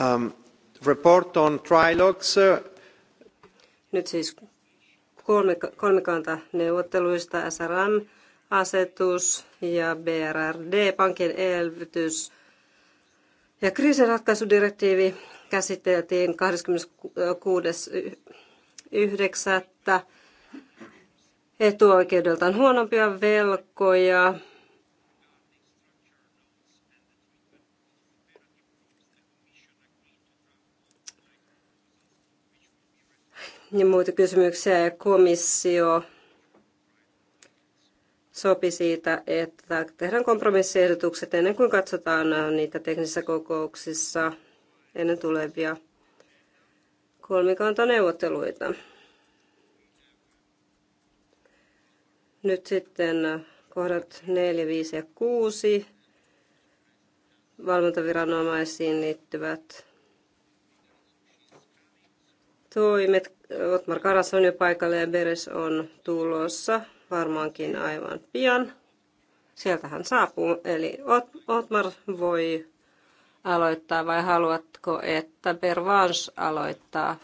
Um, report on trilogues. Nyt siis kolmikantaneuvotteluista neuvotteluista SRM asetus ja BRRD, pankin elvytys ja kriisinratkaisudirektiivi käsiteltiin 26.9. Etuoikeudeltaan huonompia velkoja ja muita kysymyksiä. Ja komissio sopi siitä, että tehdään kompromissiehdotukset ennen kuin katsotaan niitä teknisissä kokouksissa ennen tulevia kolmikantaneuvotteluita. Nyt sitten kohdat 4, 5 ja 6 valvontaviranomaisiin liittyvät toimet. Otmar Karas on jo paikalla ja Beres on tulossa varmaankin aivan pian. Sieltä hän saapuu, eli Ot- Otmar voi aloittaa vai haluatko, että Bervans aloittaa?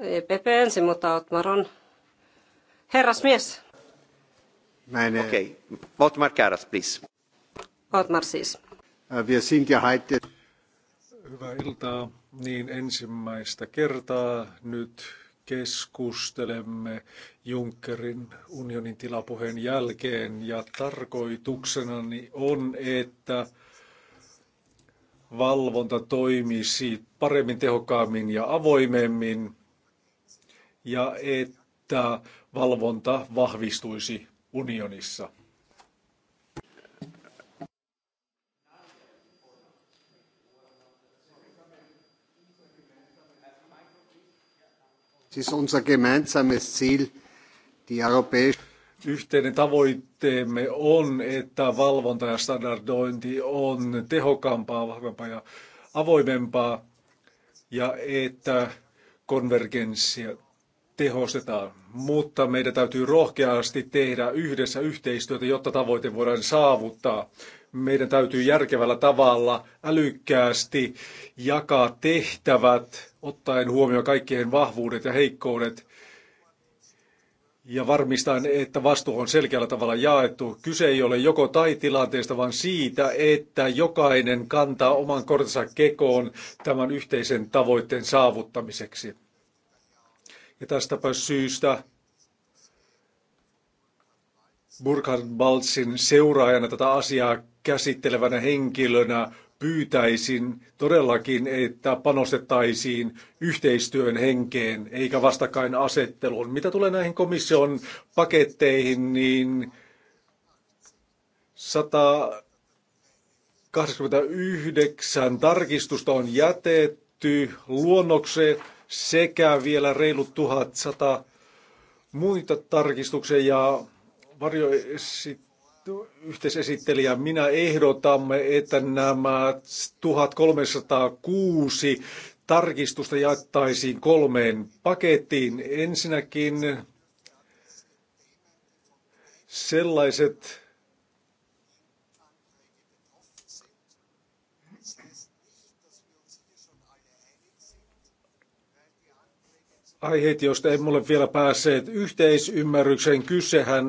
EPP ensin, mutta Otmar on herrasmies. Eh, Okei, okay. Otmar Karas, please. Otmar siis. Eh, wir sind ja heute Hyvää iltaa. Niin ensimmäistä kertaa nyt keskustelemme Junckerin unionin tilapuheen jälkeen ja tarkoituksenani on, että valvonta toimisi paremmin, tehokkaammin ja avoimemmin ja että valvonta vahvistuisi unionissa. Es ist unser gemeinsames Ziel, die europäische Yhteinen tavoitteemme on, että valvonta ja standardointi on tehokkaampaa, vahvempaa ja avoimempaa ja että konvergenssia tehostetaan. Mutta meidän täytyy rohkeasti tehdä yhdessä yhteistyötä, jotta tavoite voidaan saavuttaa meidän täytyy järkevällä tavalla älykkäästi jakaa tehtävät, ottaen huomioon kaikkien vahvuudet ja heikkoudet ja varmistaa, että vastuu on selkeällä tavalla jaettu. Kyse ei ole joko tai tilanteesta, vaan siitä, että jokainen kantaa oman kortensa kekoon tämän yhteisen tavoitteen saavuttamiseksi. Ja tästäpä syystä Burkhard Baltsin seuraajana tätä asiaa käsittelevänä henkilönä pyytäisin todellakin, että panostettaisiin yhteistyön henkeen eikä vastakkain asetteluun. Mitä tulee näihin komission paketteihin, niin 189 tarkistusta on jätetty luonnokse sekä vielä reilut 1100 muita tarkistuksia ja varjoesittelijä yhteisesittelijä, minä ehdotamme, että nämä 1306 tarkistusta jaettaisiin kolmeen pakettiin. Ensinnäkin sellaiset aiheet, joista emme ole vielä päässeet yhteisymmärrykseen. Kysehän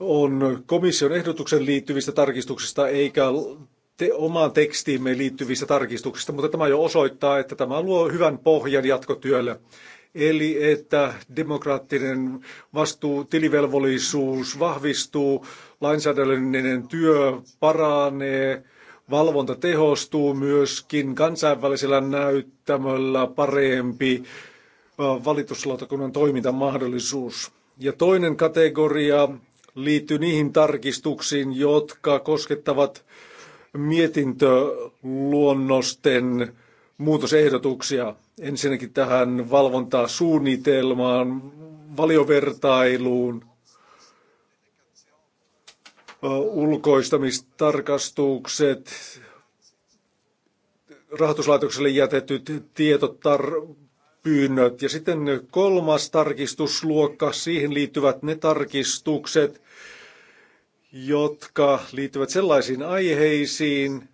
on komission ehdotuksen liittyvistä tarkistuksista eikä te, omaan tekstiimme liittyvistä tarkistuksista, mutta tämä jo osoittaa, että tämä luo hyvän pohjan jatkotyölle. Eli että demokraattinen vastuu, tilivelvollisuus vahvistuu, lainsäädännöllinen työ paranee, valvonta tehostuu myöskin kansainvälisellä näyttämöllä parempi valituslautakunnan toimintamahdollisuus. Ja toinen kategoria liittyy niihin tarkistuksiin, jotka koskettavat mietintöluonnosten muutosehdotuksia. Ensinnäkin tähän valvontasuunnitelmaan, valiovertailuun, ulkoistamistarkastukset, rahoituslaitokselle jätetyt tietot pyynnöt. Ja sitten kolmas tarkistusluokka, siihen liittyvät ne tarkistukset, jotka liittyvät sellaisiin aiheisiin,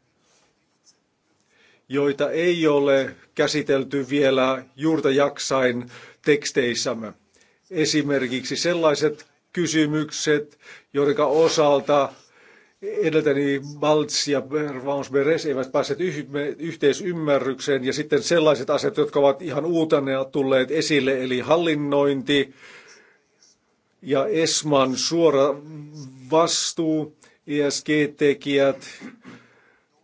joita ei ole käsitelty vielä juurta jaksain teksteissämme. Esimerkiksi sellaiset kysymykset, joiden osalta edeltäni Baltz ja Vance Beres eivät päässeet yhteisymmärrykseen ja sitten sellaiset asiat, jotka ovat ihan uutena tulleet esille, eli hallinnointi ja ESMAN suora vastuu, ESG-tekijät,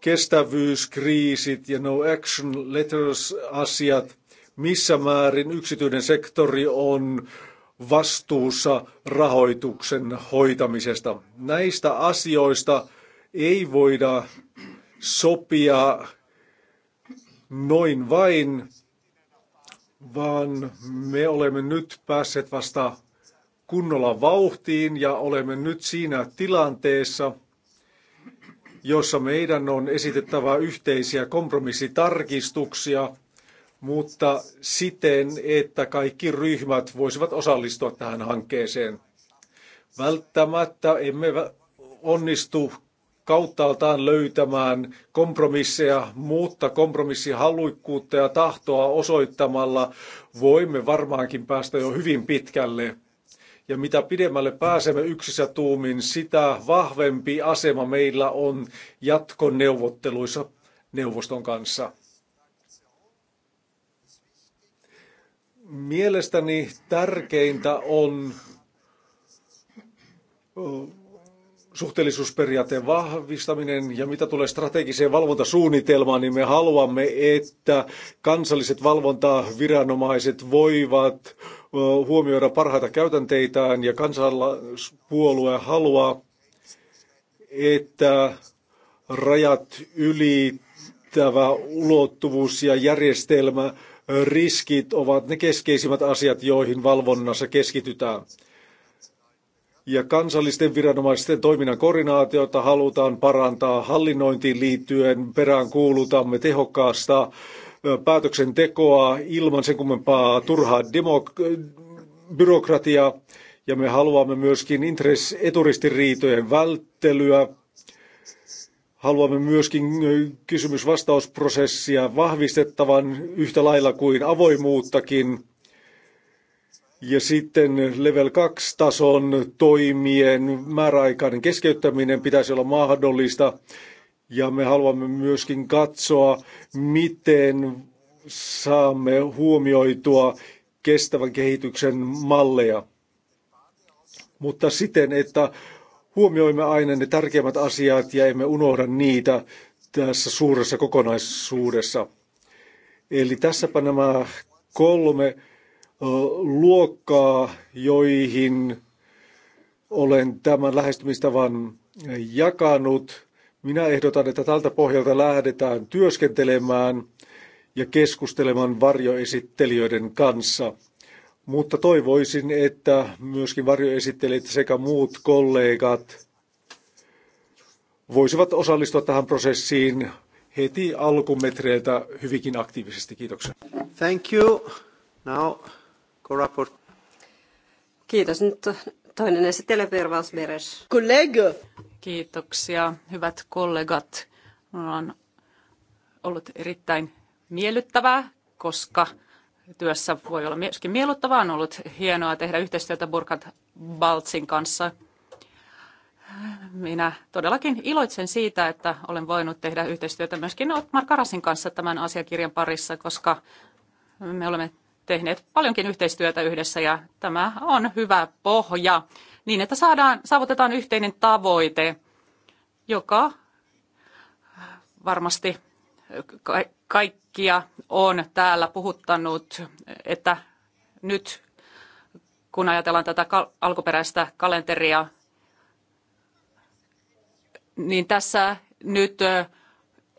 kestävyyskriisit ja no action letters asiat, missä määrin yksityinen sektori on vastuussa rahoituksen hoitamisesta. Näistä asioista ei voida sopia noin vain, vaan me olemme nyt päässeet vasta kunnolla vauhtiin ja olemme nyt siinä tilanteessa, jossa meidän on esitettävä yhteisiä kompromissitarkistuksia – mutta siten, että kaikki ryhmät voisivat osallistua tähän hankkeeseen. Välttämättä emme onnistu kauttaaltaan löytämään kompromisseja, mutta kompromissihalukkuutta ja tahtoa osoittamalla voimme varmaankin päästä jo hyvin pitkälle. Ja mitä pidemmälle pääsemme yksissä tuumin, sitä vahvempi asema meillä on jatkoneuvotteluissa neuvoston kanssa. Mielestäni tärkeintä on suhteellisuusperiaatteen vahvistaminen ja mitä tulee strategiseen valvontasuunnitelmaan, niin me haluamme, että kansalliset valvontaviranomaiset voivat huomioida parhaita käytänteitään ja kansalaispuolue haluaa, että rajat ylittävä ulottuvuus ja järjestelmä riskit ovat ne keskeisimmät asiat, joihin valvonnassa keskitytään. Ja kansallisten viranomaisten toiminnan koordinaatiota halutaan parantaa hallinnointiin liittyen. Perään kuulutamme tehokkaasta päätöksentekoa ilman sen kummempaa turhaa demok- byrokratiaa. Ja me haluamme myöskin intress- eturistiriitojen välttelyä Haluamme myöskin kysymysvastausprosessia vahvistettavan yhtä lailla kuin avoimuuttakin. Ja sitten level 2-tason toimien määräaikainen keskeyttäminen pitäisi olla mahdollista. Ja me haluamme myöskin katsoa, miten saamme huomioitua kestävän kehityksen malleja. Mutta siten, että huomioimme aina ne tärkeimmät asiat ja emme unohda niitä tässä suuressa kokonaisuudessa. Eli tässäpä nämä kolme luokkaa, joihin olen tämän lähestymistavan jakanut. Minä ehdotan, että tältä pohjalta lähdetään työskentelemään ja keskustelemaan varjoesittelijöiden kanssa. Mutta toivoisin, että myöskin varjoesittelijät sekä muut kollegat voisivat osallistua tähän prosessiin heti alkumetreiltä hyvinkin aktiivisesti. Kiitoksia. Thank you. Now, co-rapport. Kiitos. Nyt toinen esittely Pervals Beres. Kiitoksia, hyvät kollegat. On ollut erittäin miellyttävää, koska työssä voi olla myöskin miellyttävää. On ollut hienoa tehdä yhteistyötä Burkhard Baltsin kanssa. Minä todellakin iloitsen siitä, että olen voinut tehdä yhteistyötä myöskin Otmar Karasin kanssa tämän asiakirjan parissa, koska me olemme tehneet paljonkin yhteistyötä yhdessä ja tämä on hyvä pohja niin, että saadaan, saavutetaan yhteinen tavoite, joka varmasti kaikkia on täällä puhuttanut, että nyt kun ajatellaan tätä alkuperäistä kalenteria, niin tässä nyt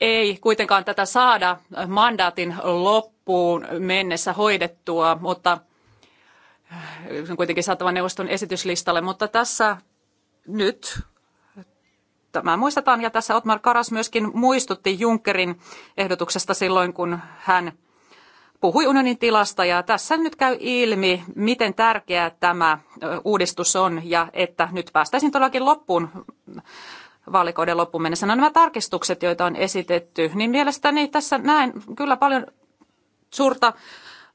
ei kuitenkaan tätä saada mandaatin loppuun mennessä hoidettua, mutta se on kuitenkin saatava neuvoston esityslistalle, mutta tässä nyt tämä muistetaan. Ja tässä Otmar Karas myöskin muistutti Junckerin ehdotuksesta silloin, kun hän puhui unionin tilasta ja tässä nyt käy ilmi, miten tärkeä tämä uudistus on ja että nyt päästäisiin todellakin loppuun vaalikauden loppuun mennessä. No, nämä tarkistukset, joita on esitetty, niin mielestäni tässä näen kyllä paljon suurta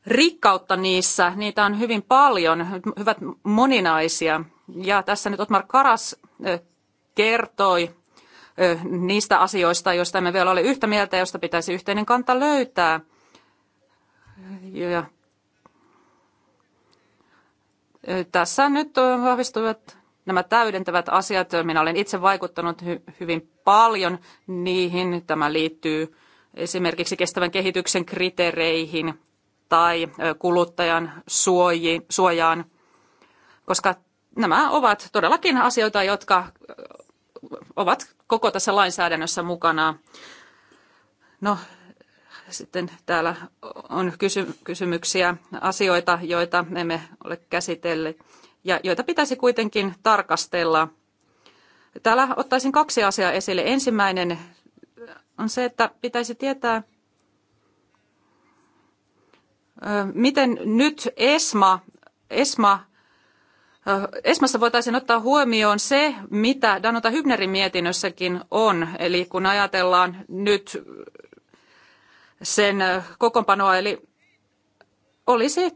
rikkautta niissä. Niitä on hyvin paljon, hyvät moninaisia. Ja tässä nyt Otmar Karas kertoi niistä asioista, joista emme vielä ole yhtä mieltä, josta pitäisi yhteinen kanta löytää. Ja tässä nyt vahvistuvat nämä täydentävät asiat. Minä olen itse vaikuttanut hyvin paljon niihin. Tämä liittyy esimerkiksi kestävän kehityksen kriteereihin tai kuluttajan suojaan, koska nämä ovat todellakin asioita, jotka ovat koko tässä lainsäädännössä mukana. No, sitten täällä on kysy- kysymyksiä, asioita, joita emme ole käsitelleet ja joita pitäisi kuitenkin tarkastella. Täällä ottaisin kaksi asiaa esille. Ensimmäinen on se, että pitäisi tietää, miten nyt ESMA, ESMA Äh, Esmassa voitaisiin ottaa huomioon se, mitä Danuta Hybnerin mietinnössäkin on. Eli kun ajatellaan nyt sen äh, kokoonpanoa, eli olisi,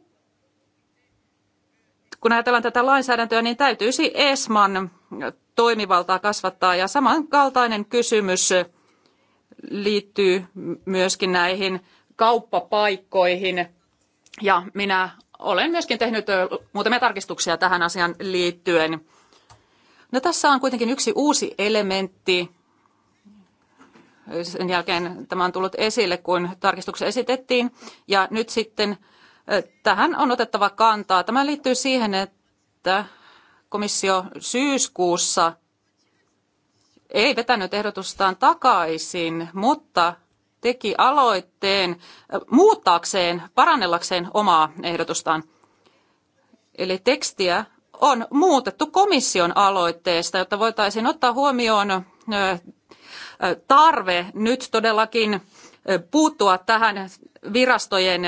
kun ajatellaan tätä lainsäädäntöä, niin täytyisi Esman toimivaltaa kasvattaa. Ja samankaltainen kysymys liittyy myöskin näihin kauppapaikkoihin. Ja minä olen myöskin tehnyt muutamia tarkistuksia tähän asiaan liittyen. No tässä on kuitenkin yksi uusi elementti. Sen jälkeen tämä on tullut esille, kun tarkistuksia esitettiin. Ja nyt sitten tähän on otettava kantaa. Tämä liittyy siihen, että komissio syyskuussa ei vetänyt ehdotustaan takaisin, mutta teki aloitteen muuttaakseen, parannellakseen omaa ehdotustaan. Eli tekstiä on muutettu komission aloitteesta, jotta voitaisiin ottaa huomioon tarve nyt todellakin puuttua tähän virastojen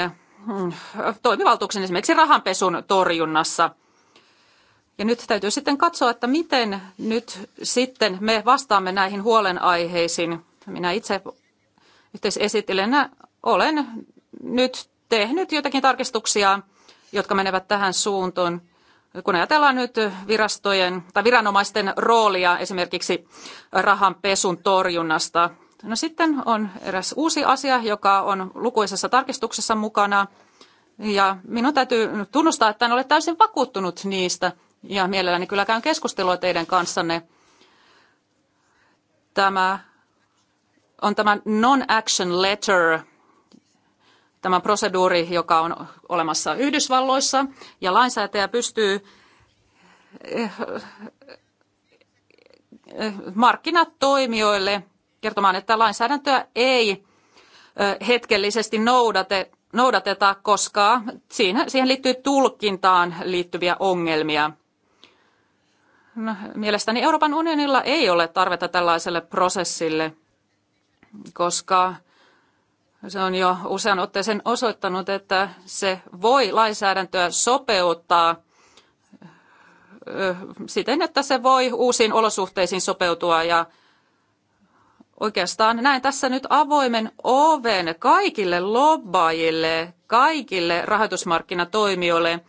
mm, toimivaltuuksen esimerkiksi rahanpesun torjunnassa. Ja nyt täytyy sitten katsoa, että miten nyt sitten me vastaamme näihin huolenaiheisiin. Minä itse yhteisesittelijänä olen nyt tehnyt jotakin tarkistuksia, jotka menevät tähän suuntaan. Kun ajatellaan nyt virastojen tai viranomaisten roolia esimerkiksi rahanpesun torjunnasta, No sitten on eräs uusi asia, joka on lukuisessa tarkistuksessa mukana. Ja minun täytyy tunnustaa, että en ole täysin vakuuttunut niistä. Ja mielelläni kyllä käyn keskustelua teidän kanssanne. Tämä on tämä non-action letter, tämä proseduuri, joka on olemassa Yhdysvalloissa, ja lainsäätäjä pystyy eh, eh, markkinatoimijoille kertomaan, että lainsäädäntöä ei eh, hetkellisesti noudate, noudateta, koska siihen liittyy tulkintaan liittyviä ongelmia. No, mielestäni Euroopan unionilla ei ole tarvetta tällaiselle prosessille – koska se on jo usean otteeseen osoittanut, että se voi lainsäädäntöä sopeuttaa siten, että se voi uusiin olosuhteisiin sopeutua ja oikeastaan näen tässä nyt avoimen oven kaikille lobbaajille, kaikille rahoitusmarkkinatoimijoille,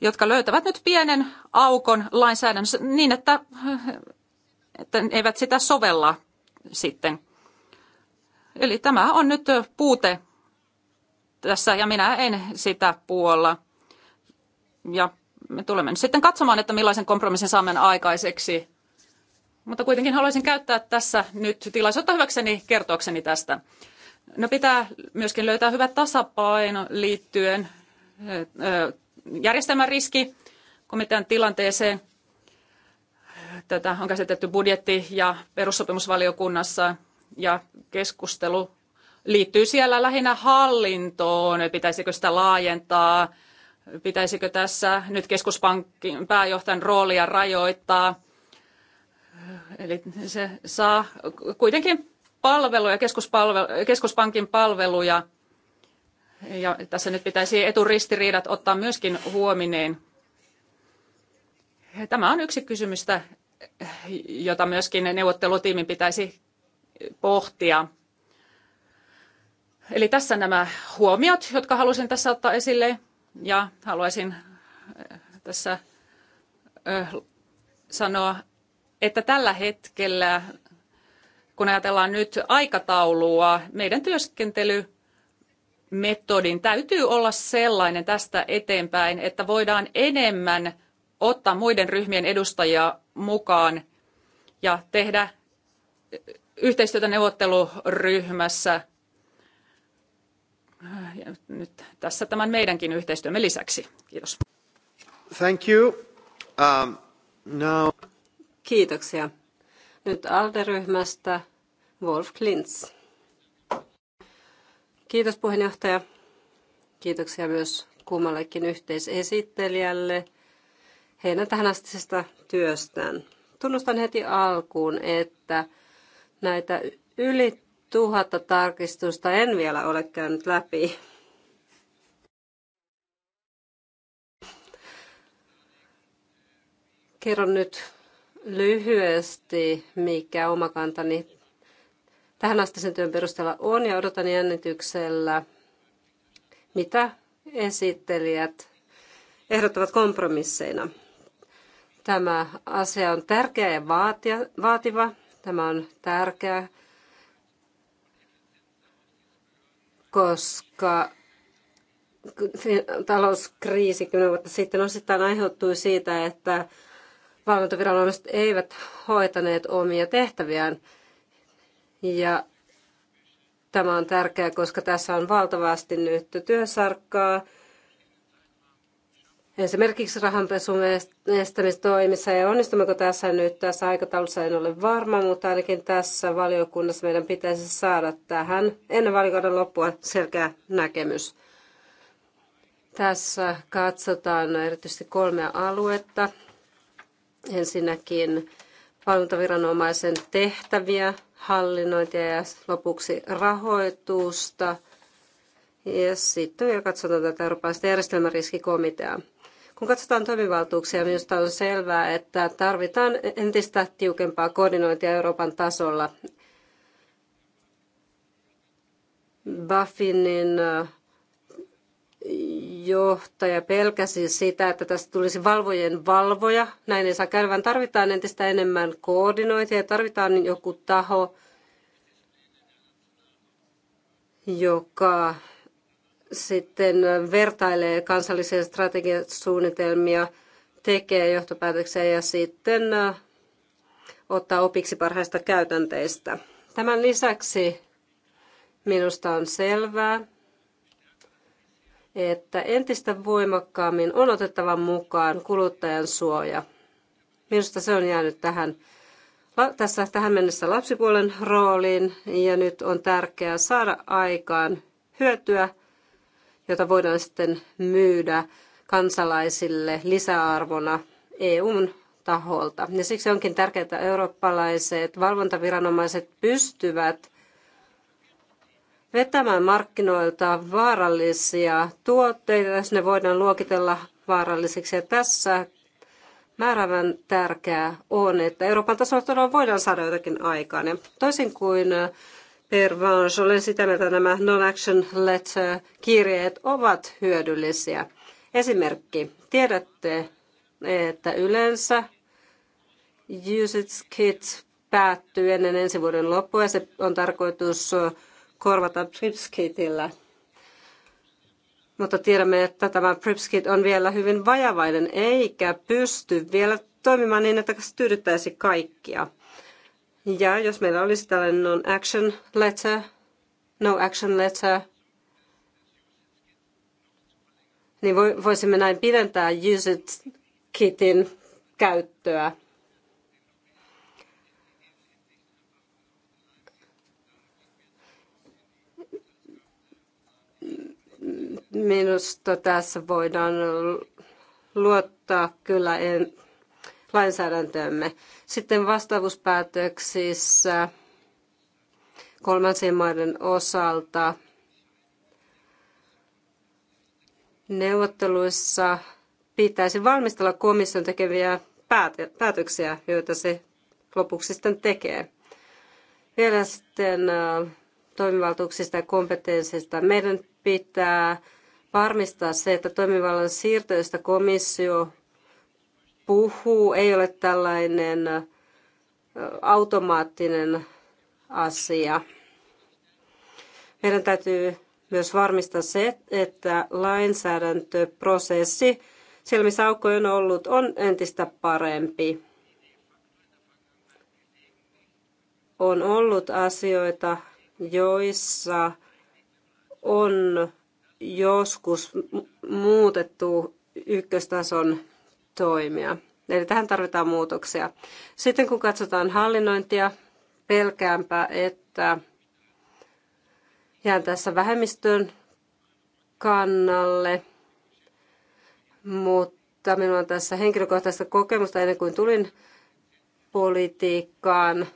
jotka löytävät nyt pienen aukon lainsäädännössä niin, että, että eivät sitä sovella sitten. Eli tämä on nyt puute tässä ja minä en sitä puolla. Ja me tulemme nyt sitten katsomaan, että millaisen kompromissin saamme aikaiseksi. Mutta kuitenkin haluaisin käyttää tässä nyt tilaisuutta hyväkseni kertoakseni tästä. No pitää myöskin löytää hyvä tasapaino liittyen järjestelmän riski komitean tilanteeseen. Tätä on käsitetty budjetti- ja perussopimusvaliokunnassa – ja keskustelu liittyy siellä lähinnä hallintoon, pitäisikö sitä laajentaa, pitäisikö tässä nyt keskuspankin pääjohtajan roolia rajoittaa. Eli se saa kuitenkin palveluja, keskuspalvelu, keskuspankin palveluja. Ja tässä nyt pitäisi eturistiriidat ottaa myöskin huomineen. Tämä on yksi kysymystä, jota myöskin neuvottelutiimin pitäisi pohtia. Eli tässä nämä huomiot, jotka halusin tässä ottaa esille ja haluaisin äh, tässä äh, sanoa, että tällä hetkellä, kun ajatellaan nyt aikataulua, meidän työskentely metodin täytyy olla sellainen tästä eteenpäin, että voidaan enemmän ottaa muiden ryhmien edustajia mukaan ja tehdä yhteistyötä neuvotteluryhmässä. Ja nyt tässä tämän meidänkin yhteistyömme lisäksi. Kiitos. Thank you. Um, now... Kiitoksia. Nyt ALDE-ryhmästä Wolf Klintz. Kiitos puheenjohtaja. Kiitoksia myös kummallekin yhteisesittelijälle heidän tähänastisesta työstään. Tunnustan heti alkuun, että Näitä yli tuhatta tarkistusta en vielä ole käynyt läpi. Kerron nyt lyhyesti, mikä oma kantani tähän asti sen työn perusteella on ja odotan jännityksellä, mitä esittelijät ehdottavat kompromisseina. Tämä asia on tärkeä ja vaatia, vaativa Tämä on tärkeää, koska talouskriisi kymmenen vuotta sitten osittain aiheutui siitä, että valvontaviranomaiset eivät hoitaneet omia tehtäviään. Ja tämä on tärkeää, koska tässä on valtavasti nyt työsarkkaa esimerkiksi rahanpesun estämistoimissa ja onnistummeko tässä nyt tässä aikataulussa en ole varma, mutta ainakin tässä valiokunnassa meidän pitäisi saada tähän ennen valiokunnan loppua selkeä näkemys. Tässä katsotaan erityisesti kolmea aluetta. Ensinnäkin valvontaviranomaisen tehtäviä, hallinnointia ja lopuksi rahoitusta – ja sitten vielä katsotaan tätä Euroopan järjestelmäriskikomiteaa. Kun katsotaan toimivaltuuksia, minusta on selvää, että tarvitaan entistä tiukempaa koordinointia Euroopan tasolla. Buffinin äh, johtaja pelkäsi sitä, että tästä tulisi valvojen valvoja. Näin ei saa käydä, vaan tarvitaan entistä enemmän koordinointia ja tarvitaan joku taho, joka sitten vertailee kansallisia strategiasuunnitelmia, tekee johtopäätöksiä ja sitten ottaa opiksi parhaista käytänteistä. Tämän lisäksi minusta on selvää, että entistä voimakkaammin on otettava mukaan kuluttajan suoja. Minusta se on jäänyt tähän, tässä tähän mennessä lapsipuolen rooliin ja nyt on tärkeää saada aikaan hyötyä jota voidaan sitten myydä kansalaisille lisäarvona EUn taholta. Ja siksi onkin tärkeää, että eurooppalaiset valvontaviranomaiset pystyvät vetämään markkinoilta vaarallisia tuotteita, jos ne voidaan luokitella vaarallisiksi. Ja tässä määrävän tärkeää on, että Euroopan tasolla todella voidaan saada jotakin aikaan. Ja toisin kuin Pervanche, olen sitä mieltä, että nämä non-action letter-kirjeet ovat hyödyllisiä. Esimerkki. Tiedätte, että yleensä Usage Kit päättyy ennen ensi vuoden loppua ja se on tarkoitus korvata Kitillä. Mutta tiedämme, että tämä PripsKit on vielä hyvin vajavainen eikä pysty vielä toimimaan niin, että se tyydyttäisi kaikkia. Ja jos meillä olisi tällainen non-action letter, no action letter, niin voisimme näin pidentää use it kitin käyttöä. Minusta tässä voidaan luottaa kyllä en lainsäädäntöömme. Sitten vastaavuuspäätöksissä kolmansien maiden osalta neuvotteluissa pitäisi valmistella komission tekeviä päätöksiä, joita se lopuksi sitten tekee. Vielä sitten äh, toimivaltuuksista ja kompetenssista. Meidän pitää varmistaa se, että toimivallan siirtoista komissio puhuu, ei ole tällainen automaattinen asia. Meidän täytyy myös varmistaa se, että lainsäädäntöprosessi siellä, missä on ollut, on entistä parempi. On ollut asioita, joissa on joskus muutettu ykköstason toimia. Eli tähän tarvitaan muutoksia. Sitten kun katsotaan hallinnointia, pelkäänpä, että jään tässä vähemmistön kannalle, mutta minulla on tässä henkilökohtaista kokemusta ennen kuin tulin politiikkaan.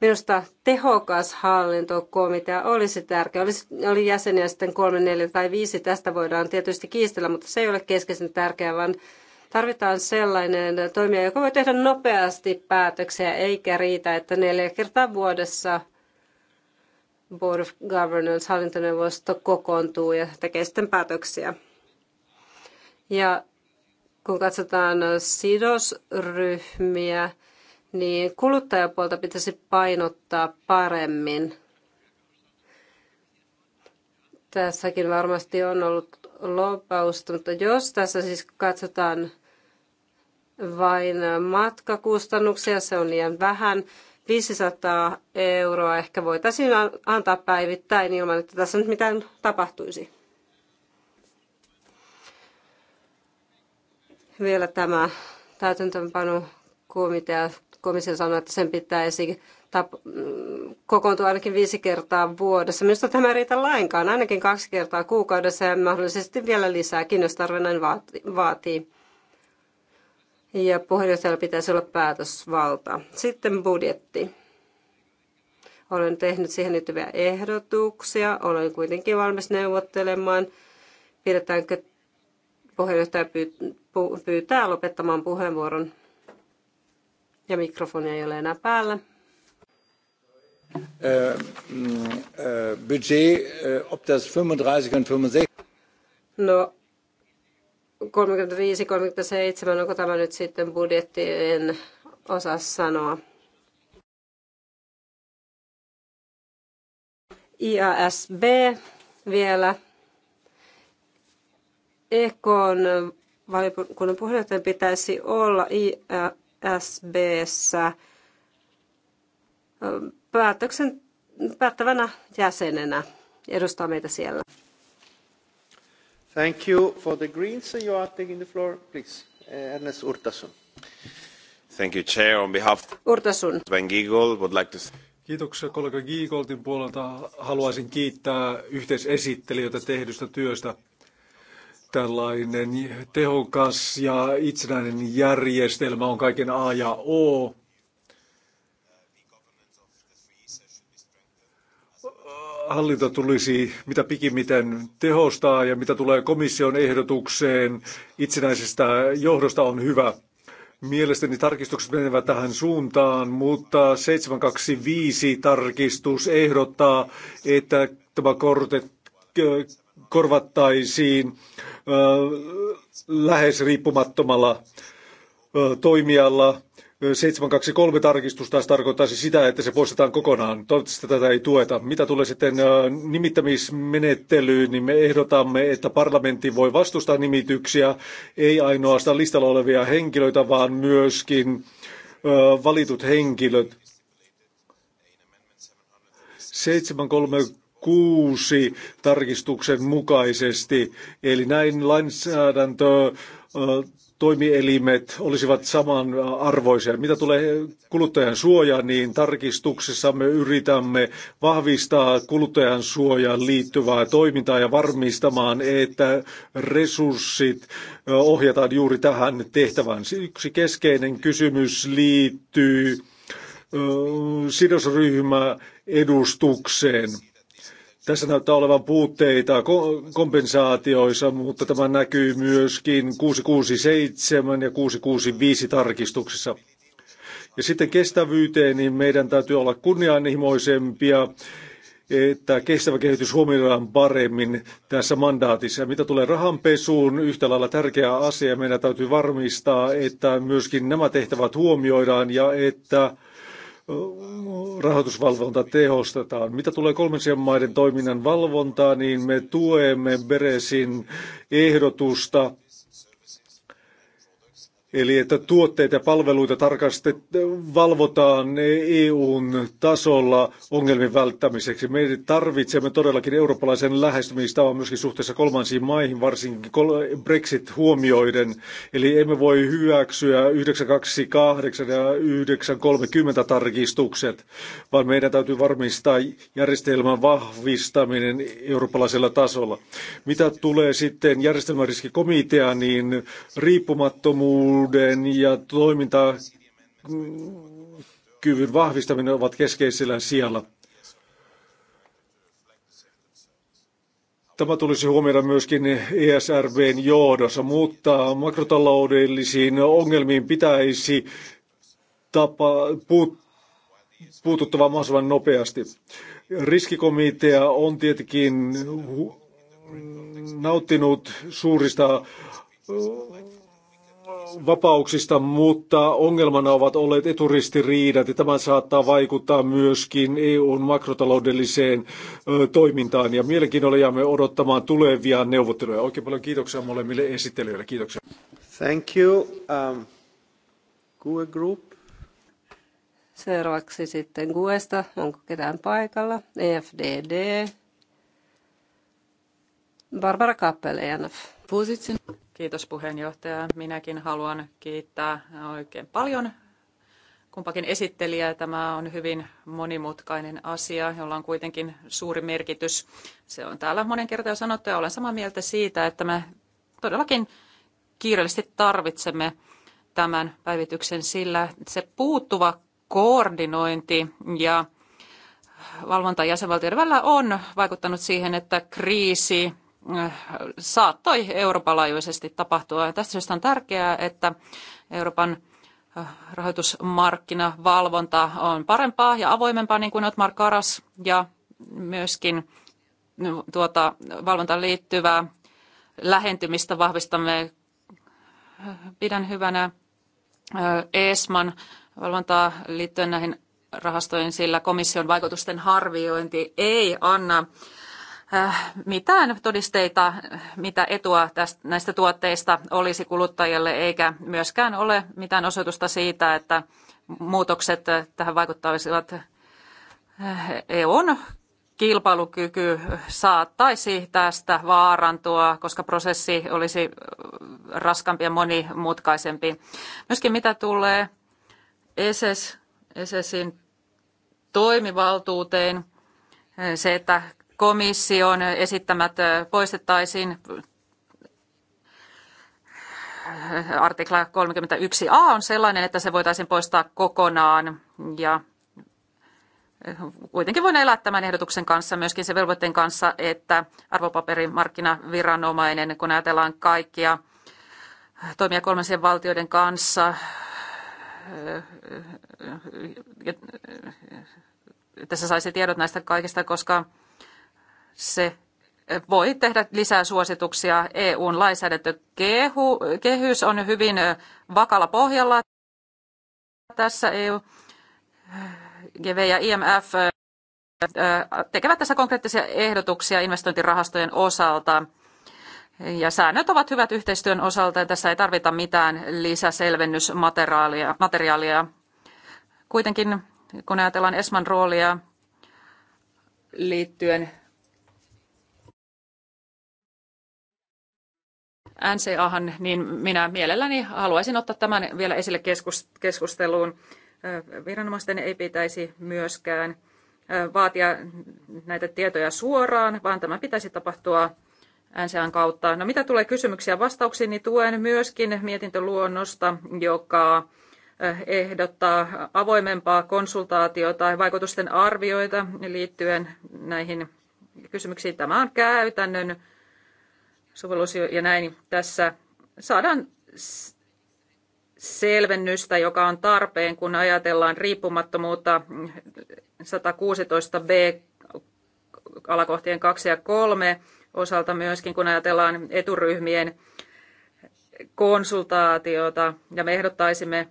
Minusta tehokas hallintokomitea olisi tärkeä. Olisi, oli jäseniä sitten kolme, neljä tai viisi, tästä voidaan tietysti kiistellä, mutta se ei ole keskeisen tärkeää, vaan tarvitaan sellainen toimija, joka voi tehdä nopeasti päätöksiä, eikä riitä, että neljä kertaa vuodessa Board of Governance, hallintoneuvosto kokoontuu ja tekee sitten päätöksiä. Ja kun katsotaan sidosryhmiä, niin kuluttajapuolta pitäisi painottaa paremmin. Tässäkin varmasti on ollut lopausta, mutta jos tässä siis katsotaan vain matkakustannuksia, se on liian vähän. 500 euroa ehkä voitaisiin antaa päivittäin ilman, että tässä nyt mitään tapahtuisi. Vielä tämä täytäntöönpanokomitea komissio sanoi, että sen pitäisi kokoontua ainakin viisi kertaa vuodessa. Minusta tämä ei riitä lainkaan, ainakin kaksi kertaa kuukaudessa ja mahdollisesti vielä lisääkin, jos tarve näin vaatii. Ja puheenjohtajalla pitäisi olla päätösvalta. Sitten budjetti. Olen tehnyt siihen liittyviä ehdotuksia. Olen kuitenkin valmis neuvottelemaan. Pidetäänkö puheenjohtaja pyytää lopettamaan puheenvuoron? Ja mikrofonia ei ole enää päällä. Äh, mm, äh, Budget, äh, ob das 35 und No, 35, 37, onko tämä nyt sitten budjetti, en osaa sanoa. IASB vielä. EK on valiokunnan puheenjohtajan pitäisi olla SBssä päätöksen päättävänä jäsenenä edustaa meitä siellä. Thank you for the Greens. You are taking the floor, please. Ernest Urtasun. Thank you, Chair. On behalf Urtasun. Sven Giegold would like to... Kiitoksia kollega Giegoldin puolelta. Haluaisin kiittää yhteisesittelijöitä tehdystä työstä tällainen tehokas ja itsenäinen järjestelmä on kaiken A ja O. Hallinto tulisi mitä pikimmiten tehostaa ja mitä tulee komission ehdotukseen itsenäisestä johdosta on hyvä. Mielestäni tarkistukset menevät tähän suuntaan, mutta 725 tarkistus ehdottaa, että tämä kortet korvattaisiin lähes riippumattomalla toimijalla. 723 tarkistus taas tarkoittaisi sitä, että se poistetaan kokonaan. Toivottavasti tätä ei tueta. Mitä tulee sitten nimittämismenettelyyn, niin me ehdotamme, että parlamentti voi vastustaa nimityksiä, ei ainoastaan listalla olevia henkilöitä, vaan myöskin valitut henkilöt. 730 kuusi tarkistuksen mukaisesti. Eli näin lainsäädäntö toimielimet olisivat samanarvoisia. Mitä tulee kuluttajan suojaan, niin tarkistuksessa me yritämme vahvistaa kuluttajan suojaan liittyvää toimintaa ja varmistamaan, että resurssit ohjataan juuri tähän tehtävään. Yksi keskeinen kysymys liittyy sidosryhmäedustukseen. edustukseen tässä näyttää olevan puutteita kompensaatioissa, mutta tämä näkyy myöskin 667 ja 665 tarkistuksissa. Ja sitten kestävyyteen, niin meidän täytyy olla kunnianhimoisempia, että kestävä kehitys huomioidaan paremmin tässä mandaatissa. mitä tulee rahanpesuun, yhtä lailla tärkeä asia, meidän täytyy varmistaa, että myöskin nämä tehtävät huomioidaan ja että rahoitusvalvonta tehostetaan. Mitä tulee kolmansien maiden toiminnan valvontaan, niin me tuemme Beresin ehdotusta Eli että tuotteita ja palveluita valvotaan EUn tasolla ongelmien välttämiseksi. Me tarvitsemme todellakin eurooppalaisen lähestymistavan myöskin suhteessa kolmansiin maihin, varsinkin Brexit huomioiden. Eli emme voi hyväksyä 928 ja 930 tarkistukset, vaan meidän täytyy varmistaa järjestelmän vahvistaminen eurooppalaisella tasolla. Mitä tulee sitten järjestelmäriskikomiteaan, niin riippumattomuus avaruuden ja toimintakyvyn vahvistaminen ovat keskeisellä sijalla. Tämä tulisi huomioida myöskin ESRVn johdossa, mutta makrotaloudellisiin ongelmiin pitäisi tapa, puut, puututtava mahdollisimman nopeasti. Riskikomitea on tietenkin nauttinut suurista vapauksista, mutta ongelmana ovat olleet eturistiriidat ja tämä saattaa vaikuttaa myöskin EUn makrotaloudelliseen toimintaan. Ja mielenkiinnolla jäämme odottamaan tulevia neuvotteluja. Oikein paljon kiitoksia molemmille esittelijöille. Kiitoksia. Thank you. Um, GUE Group. Seuraavaksi sitten GUEsta. Onko ketään paikalla? EFDD. Barbara Kappel, ENF. Position. Kiitos puheenjohtaja. Minäkin haluan kiittää oikein paljon kumpakin esittelijää. Tämä on hyvin monimutkainen asia, jolla on kuitenkin suuri merkitys. Se on täällä monen kertaan jo sanottu ja olen samaa mieltä siitä, että me todellakin kiireellisesti tarvitsemme tämän päivityksen, sillä se puuttuva koordinointi ja valvonta jäsenvaltioiden välillä on vaikuttanut siihen, että kriisi Äh, saattoi Euroopan laajuisesti tapahtua. Tästä syystä on tärkeää, että Euroopan äh, rahoitusmarkkinavalvonta on parempaa ja avoimempaa, niin kuin Otmar Karas ja myöskin mm, tuota, valvontaan liittyvää lähentymistä vahvistamme. Pidän hyvänä äh, ESMAn valvontaa liittyen näihin rahastoihin, sillä komission vaikutusten harviointi ei anna Äh, mitään todisteita, mitä etua tästä, näistä tuotteista olisi kuluttajille, eikä myöskään ole mitään osoitusta siitä, että muutokset tähän vaikuttaisivat äh, EUn kilpailukyky saattaisi tästä vaarantua, koska prosessi olisi äh, raskampi ja monimutkaisempi. Myöskin mitä tulee ESES, ESESin e toimivaltuuteen, se, että komission esittämät poistettaisiin. Artikla 31a on sellainen, että se voitaisiin poistaa kokonaan ja kuitenkin voin elää tämän ehdotuksen kanssa, myöskin se velvoitteen kanssa, että arvopaperimarkkinaviranomainen, kun ajatellaan kaikkia toimia kolmansien valtioiden kanssa, että se saisi tiedot näistä kaikista, koska se voi tehdä lisää suosituksia. EUn lainsäädäntökehys on hyvin vakalla pohjalla. Tässä EU, GV ja IMF tekevät tässä konkreettisia ehdotuksia investointirahastojen osalta. Ja säännöt ovat hyvät yhteistyön osalta ja tässä ei tarvita mitään lisäselvennysmateriaalia. Materiaalia. Kuitenkin kun ajatellaan Esman roolia liittyen NCAhan, niin minä mielelläni haluaisin ottaa tämän vielä esille keskusteluun. Viranomaisten ei pitäisi myöskään vaatia näitä tietoja suoraan, vaan tämä pitäisi tapahtua NCAn kautta. No mitä tulee kysymyksiä vastauksiin, niin tuen myöskin mietintöluonnosta, joka ehdottaa avoimempaa konsultaatiota tai vaikutusten arvioita liittyen näihin kysymyksiin. Tämä on käytännön sovellusio ja näin. Tässä saadaan selvennystä, joka on tarpeen, kun ajatellaan riippumattomuutta 116b alakohtien 2 ja 3 osalta myöskin, kun ajatellaan eturyhmien konsultaatiota. Ja me ehdottaisimme,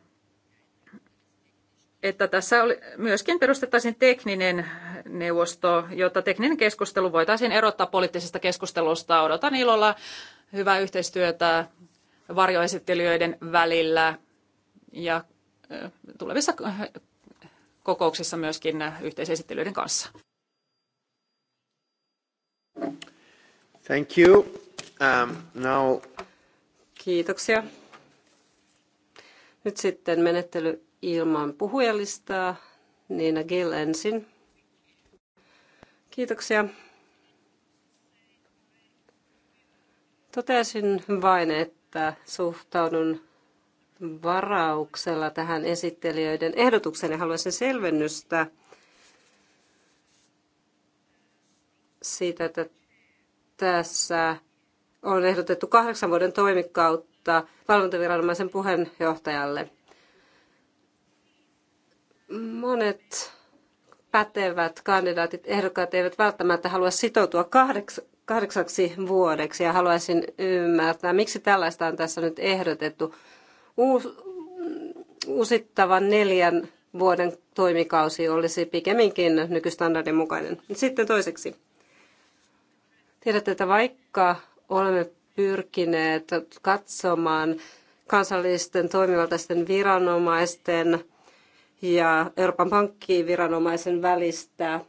että tässä oli, myöskin perustettaisiin tekninen neuvosto, jotta tekninen keskustelu voitaisiin erottaa poliittisesta keskustelusta. Odotan ilolla hyvää yhteistyötä varjoesittelijöiden välillä ja tulevissa kokouksissa myöskin yhteisesittelyiden kanssa. Thank you. Um, now... Kiitoksia. Nyt sitten menettely ilman puhujalistaa. Niina Gill ensin. Kiitoksia. Totesin vain, että suhtaudun varauksella tähän esittelijöiden ehdotukseen ja haluaisin selvennystä siitä, että tässä on ehdotettu kahdeksan vuoden toimikautta valvontaviranomaisen puheenjohtajalle. Monet pätevät kandidaatit, ehdokkaat eivät välttämättä halua sitoutua kahdeks, kahdeksaksi vuodeksi ja haluaisin ymmärtää, miksi tällaista on tässä nyt ehdotettu. Uus, uusittavan neljän vuoden toimikausi olisi pikemminkin nykystandardin mukainen. Sitten toiseksi. Tiedätte, että vaikka olemme pyrkineet katsomaan kansallisten toimivaltaisten viranomaisten ja Euroopan pankkiviranomaisen välistä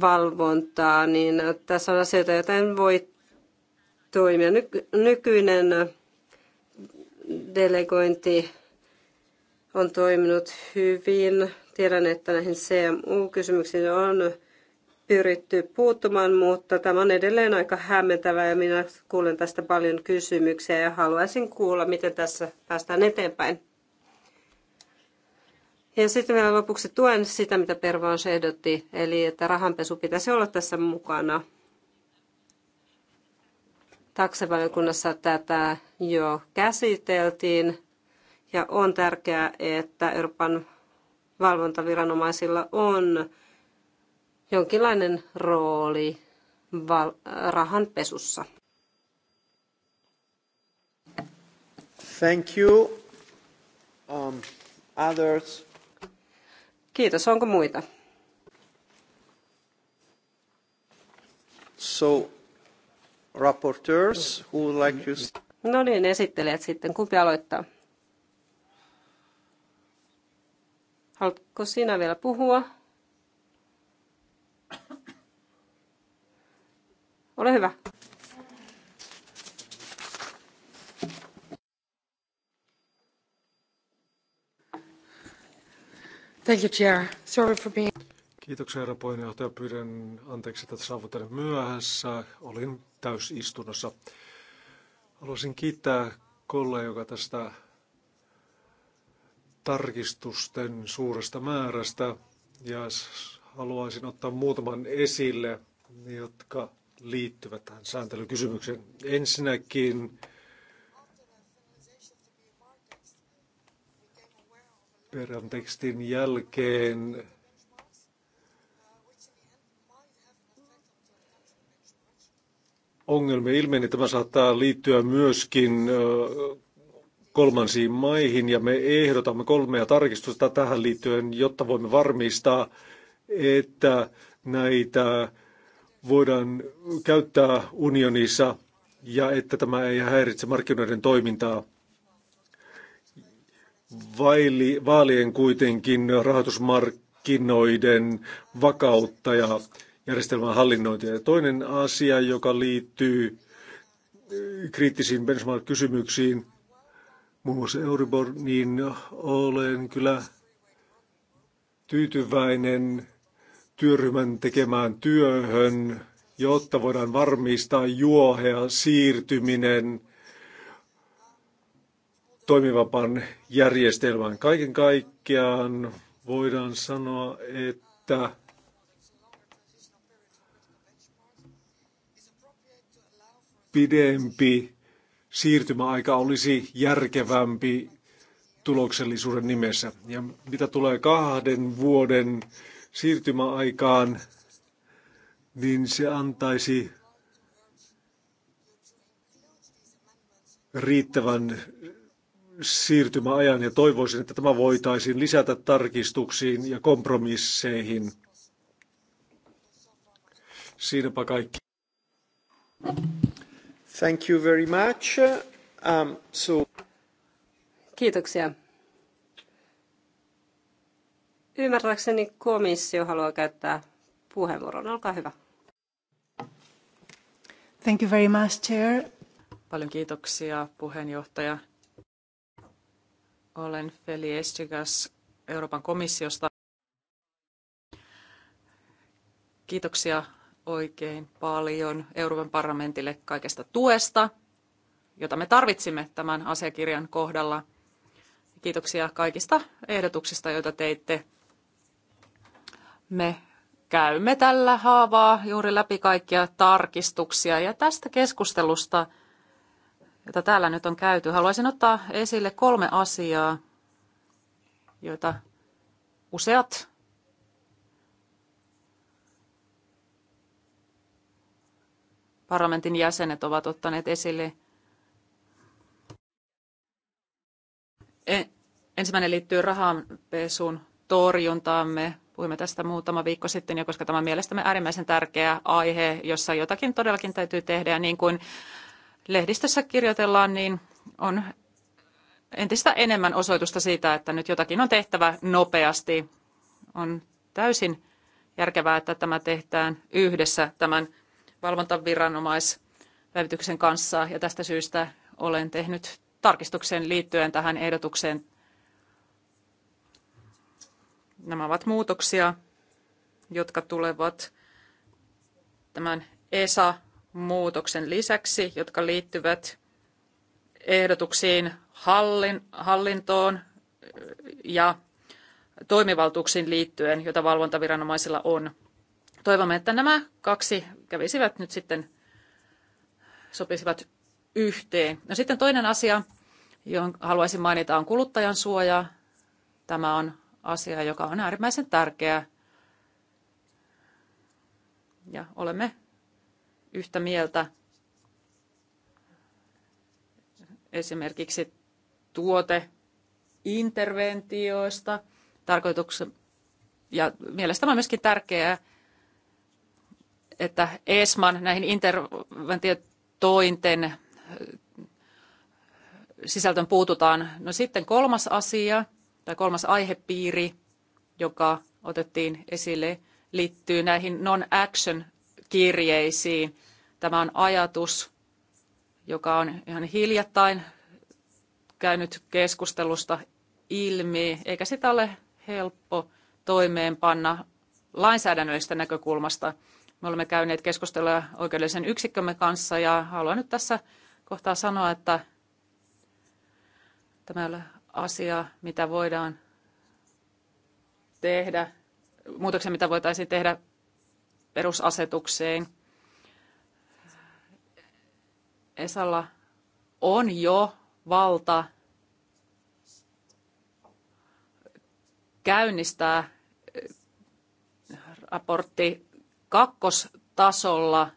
valvontaa, niin tässä on asioita, joita en voi toimia. nykyinen delegointi on toiminut hyvin. Tiedän, että näihin CMU-kysymyksiin on pyritty puuttumaan, mutta tämä on edelleen aika hämmentävää ja minä kuulen tästä paljon kysymyksiä ja haluaisin kuulla, miten tässä päästään eteenpäin. Ja sitten vielä lopuksi tuen sitä, mitä on ehdotti, eli että rahanpesu pitäisi olla tässä mukana. Taksevaliokunnassa tätä jo käsiteltiin ja on tärkeää, että Euroopan valvontaviranomaisilla on jonkinlainen rooli val- rahanpesussa. Thank you. Um, others Kiitos. Onko muita? So, rapporteurs, who would like to... No niin, esittelijät sitten. Kumpi aloittaa? Haluatko sinä vielä puhua? Ole hyvä. Thank you, Chair. Sorry for being... Kiitoksia, herra puheenjohtaja. Pyydän anteeksi, että tänne myöhässä. Olin täysistunnossa. Haluaisin kiittää joka tästä tarkistusten suuresta määrästä ja haluaisin ottaa muutaman esille, jotka liittyvät tähän sääntelykysymykseen. Ensinnäkin Perän tekstin jälkeen ongelmia ilmeni. Tämä saattaa liittyä myöskin kolmansiin maihin ja me ehdotamme kolmea tarkistusta tähän liittyen, jotta voimme varmistaa, että näitä voidaan käyttää unionissa ja että tämä ei häiritse markkinoiden toimintaa vaili, vaalien kuitenkin rahoitusmarkkinoiden vakautta ja järjestelmän hallinnointia. Ja toinen asia, joka liittyy eh, kriittisiin benchmark-kysymyksiin, muun muassa Euribor, niin olen kyllä tyytyväinen työryhmän tekemään työhön, jotta voidaan varmistaa juohea siirtyminen – toimivapaan järjestelmään. Kaiken kaikkiaan voidaan sanoa, että pidempi siirtymäaika olisi järkevämpi tuloksellisuuden nimessä. Ja mitä tulee kahden vuoden siirtymäaikaan, niin se antaisi riittävän siirtymäajan ja toivoisin, että tämä voitaisiin lisätä tarkistuksiin ja kompromisseihin. Siinäpä kaikki. Thank you very much. Um, so... Kiitoksia. Ymmärtääkseni komissio haluaa käyttää puheenvuoron. Olkaa hyvä. Thank you very much, Chair. Paljon kiitoksia puheenjohtaja. Olen Feli Estigas Euroopan komissiosta. Kiitoksia oikein paljon Euroopan parlamentille kaikesta tuesta, jota me tarvitsimme tämän asiakirjan kohdalla. Kiitoksia kaikista ehdotuksista, joita teitte. Me käymme tällä haavaa juuri läpi kaikkia tarkistuksia ja tästä keskustelusta – jota täällä nyt on käyty. Haluaisin ottaa esille kolme asiaa, joita useat parlamentin jäsenet ovat ottaneet esille. E, ensimmäinen liittyy rahanpesun torjuntaamme. Puhuimme tästä muutama viikko sitten jo, koska tämä on mielestämme äärimmäisen tärkeä aihe, jossa jotakin todellakin täytyy tehdä. Ja niin kuin lehdistössä kirjoitellaan, niin on entistä enemmän osoitusta siitä, että nyt jotakin on tehtävä nopeasti. On täysin järkevää, että tämä tehtään yhdessä tämän valvontaviranomaispäivityksen kanssa ja tästä syystä olen tehnyt tarkistuksen liittyen tähän ehdotukseen. Nämä ovat muutoksia, jotka tulevat tämän ESA muutoksen lisäksi, jotka liittyvät ehdotuksiin hallin, hallintoon ja toimivaltuuksiin liittyen, joita valvontaviranomaisilla on. Toivomme, että nämä kaksi kävisivät nyt sitten, sopisivat yhteen. No sitten toinen asia, jonka haluaisin mainita, on kuluttajan suoja. Tämä on asia, joka on äärimmäisen tärkeä. Ja olemme yhtä mieltä esimerkiksi tuoteinterventioista tarkoituksen. Ja mielestäni on myöskin tärkeää, että ESMAN näihin interventiotointen äh, sisältöön puututaan. No sitten kolmas asia tai kolmas aihepiiri, joka otettiin esille, liittyy näihin non-action kirjeisiin. Tämä on ajatus, joka on ihan hiljattain käynyt keskustelusta ilmi, eikä sitä ole helppo toimeenpanna lainsäädännöllisestä näkökulmasta. Me olemme käyneet keskustelua oikeudellisen yksikkömme kanssa ja haluan nyt tässä kohtaa sanoa, että tämä ei ole asia, mitä voidaan tehdä, muutoksia, mitä voitaisiin tehdä perusasetukseen. Esalla on jo valta käynnistää eh, raportti kakkostasolla,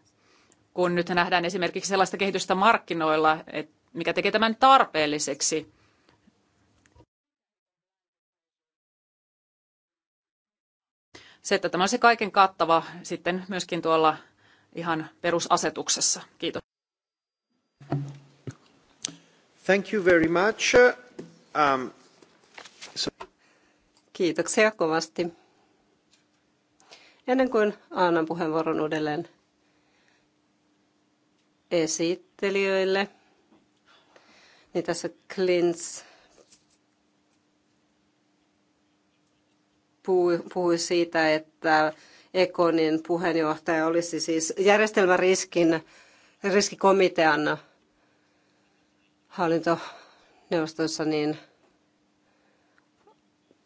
kun nyt nähdään esimerkiksi sellaista kehitystä markkinoilla, että mikä tekee tämän tarpeelliseksi. se, että tämä on se kaiken kattava sitten myöskin tuolla ihan perusasetuksessa. Kiitos. Thank you very much. Um, so... Kiitoksia kovasti. Ennen kuin annan puheenvuoron uudelleen esittelijöille, niin tässä Klins puhui siitä, että Ekonin puheenjohtaja olisi siis järjestelmäriskin riskikomitean hallintoneuvostossa, niin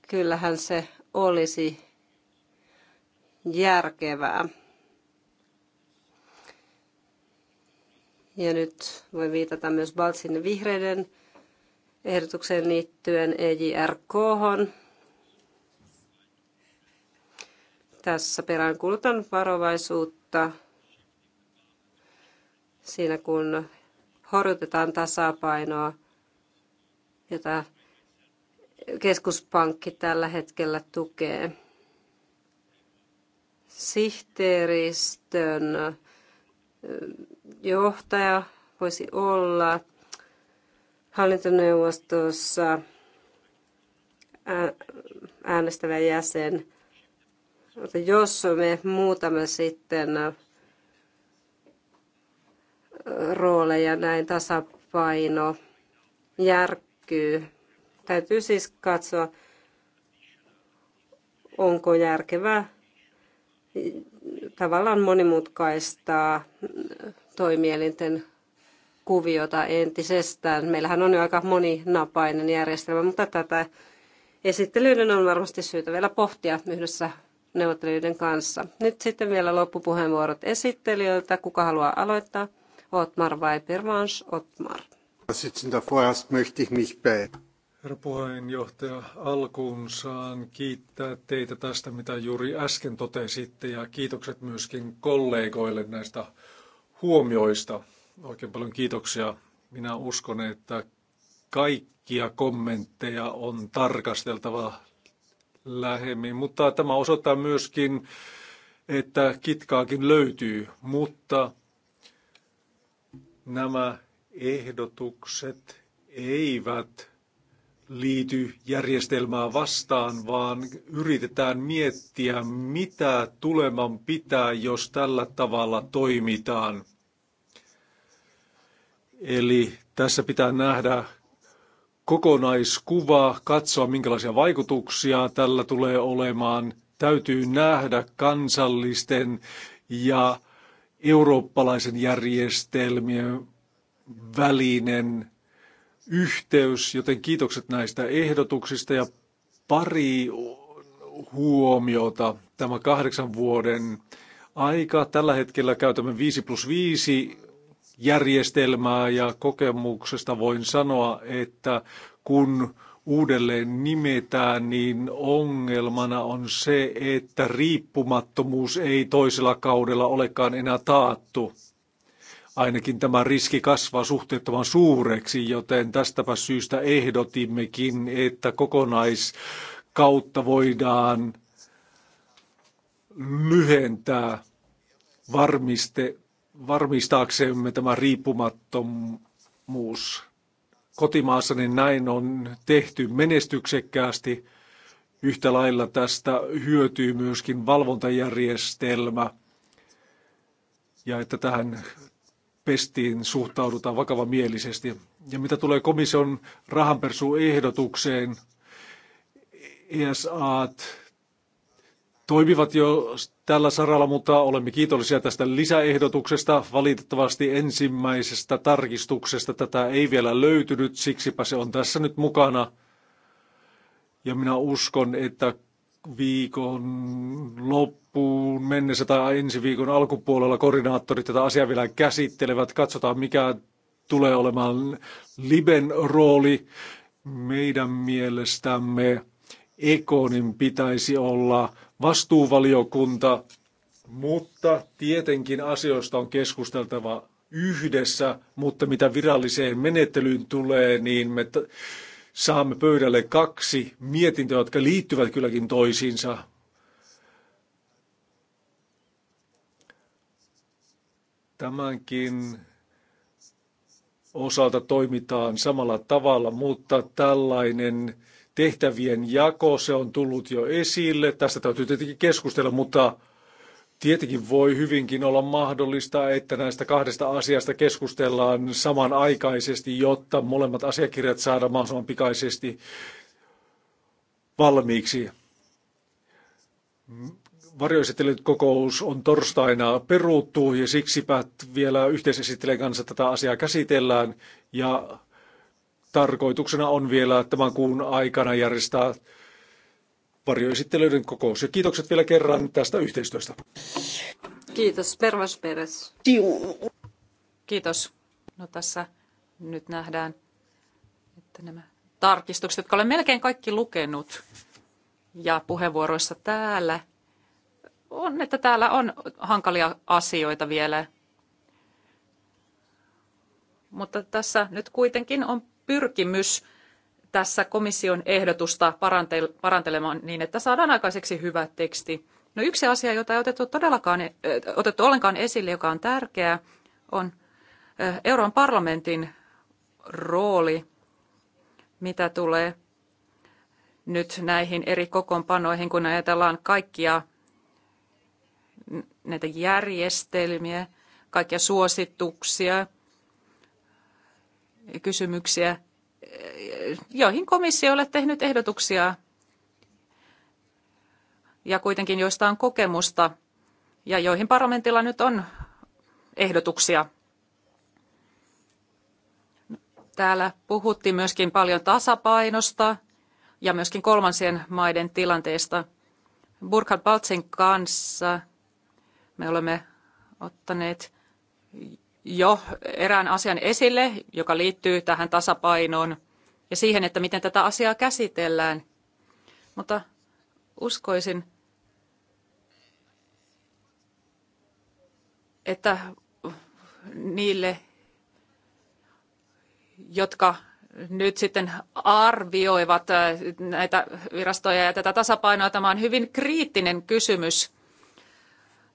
kyllähän se olisi järkevää. Ja nyt voi viitata myös Baltsin vihreiden ehdotukseen liittyen EJRK. -hon. Tässä peräänkuulutan varovaisuutta siinä, kun horjutetaan tasapainoa, jota keskuspankki tällä hetkellä tukee. Sihteeristön johtaja voisi olla hallintoneuvostossa äänestävä jäsen jos me muutamme sitten äh, rooleja näin tasapaino järkkyy. Täytyy siis katsoa, onko järkevää tavallaan monimutkaistaa äh, toimielinten kuviota entisestään. Meillähän on jo aika moninapainen järjestelmä, mutta tätä esittelyiden on varmasti syytä vielä pohtia yhdessä neuvottelijoiden kanssa. Nyt sitten vielä loppupuheenvuorot esittelijöiltä. Kuka haluaa aloittaa? Otmar vai Pervans? Otmar. Herra puheenjohtaja, alkuun saan kiittää teitä tästä, mitä juuri äsken totesitte, ja kiitokset myöskin kollegoille näistä huomioista. Oikein paljon kiitoksia. Minä uskon, että kaikkia kommentteja on tarkasteltava lähemmin, mutta tämä osoittaa myöskin, että kitkaakin löytyy, mutta nämä ehdotukset eivät liity järjestelmää vastaan, vaan yritetään miettiä, mitä tuleman pitää, jos tällä tavalla toimitaan. Eli tässä pitää nähdä kokonaiskuva, katsoa minkälaisia vaikutuksia tällä tulee olemaan. Täytyy nähdä kansallisten ja eurooppalaisen järjestelmien välinen yhteys, joten kiitokset näistä ehdotuksista ja pari huomiota. Tämä kahdeksan vuoden aika. Tällä hetkellä käytämme 5 plus 5 järjestelmää ja kokemuksesta voin sanoa, että kun uudelleen nimetään, niin ongelmana on se, että riippumattomuus ei toisella kaudella olekaan enää taattu. Ainakin tämä riski kasvaa suhteettoman suureksi, joten tästäpä syystä ehdotimmekin, että kokonaiskautta voidaan lyhentää varmiste varmistaaksemme tämä riippumattomuus. Kotimaassani niin näin on tehty menestyksekkäästi. Yhtä lailla tästä hyötyy myöskin valvontajärjestelmä ja että tähän pestiin suhtaudutaan vakavamielisesti. Ja mitä tulee komission rahanpersuehdotukseen, ESAt toimivat jo tällä saralla, mutta olemme kiitollisia tästä lisäehdotuksesta. Valitettavasti ensimmäisestä tarkistuksesta tätä ei vielä löytynyt, siksipä se on tässä nyt mukana. Ja minä uskon, että viikon loppuun mennessä tai ensi viikon alkupuolella koordinaattorit tätä asiaa vielä käsittelevät. Katsotaan, mikä tulee olemaan Liben rooli. Meidän mielestämme Ekonin pitäisi olla vastuuvaliokunta, mutta tietenkin asioista on keskusteltava yhdessä, mutta mitä viralliseen menettelyyn tulee, niin me saamme pöydälle kaksi mietintöä, jotka liittyvät kylläkin toisiinsa. Tämänkin osalta toimitaan samalla tavalla, mutta tällainen tehtävien jako, se on tullut jo esille. Tästä täytyy tietenkin keskustella, mutta tietenkin voi hyvinkin olla mahdollista, että näistä kahdesta asiasta keskustellaan samanaikaisesti, jotta molemmat asiakirjat saadaan mahdollisimman pikaisesti valmiiksi. Varjoesittelyt kokous on torstaina peruttu, ja siksipä vielä yhteisesittelijän kanssa tätä asiaa käsitellään ja Tarkoituksena on vielä tämän kuun aikana järjestää varjoesittelyiden kokous. Ja kiitokset vielä kerran tästä yhteistyöstä. Kiitos, Pervas Peres. Kiitos. No tässä nyt nähdään, että nämä tarkistukset, jotka olen melkein kaikki lukenut ja puheenvuoroissa täällä, on, että täällä on hankalia asioita vielä. Mutta tässä nyt kuitenkin on pyrkimys tässä komission ehdotusta parantelemaan niin, että saadaan aikaiseksi hyvä teksti. No yksi asia, jota ei otettu, todellakaan, otettu ollenkaan esille, joka on tärkeää, on Euroopan parlamentin rooli, mitä tulee nyt näihin eri kokoonpanoihin, kun ajatellaan kaikkia näitä järjestelmiä, kaikkia suosituksia – kysymyksiä, joihin komissio on tehnyt ehdotuksia ja kuitenkin joista on kokemusta ja joihin parlamentilla nyt on ehdotuksia. Täällä puhuttiin myöskin paljon tasapainosta ja myöskin kolmansien maiden tilanteesta. Burkhard Baltsin kanssa me olemme ottaneet jo erään asian esille, joka liittyy tähän tasapainoon ja siihen, että miten tätä asiaa käsitellään. Mutta uskoisin, että niille, jotka nyt sitten arvioivat äh, näitä virastoja ja tätä tasapainoa, tämä on hyvin kriittinen kysymys –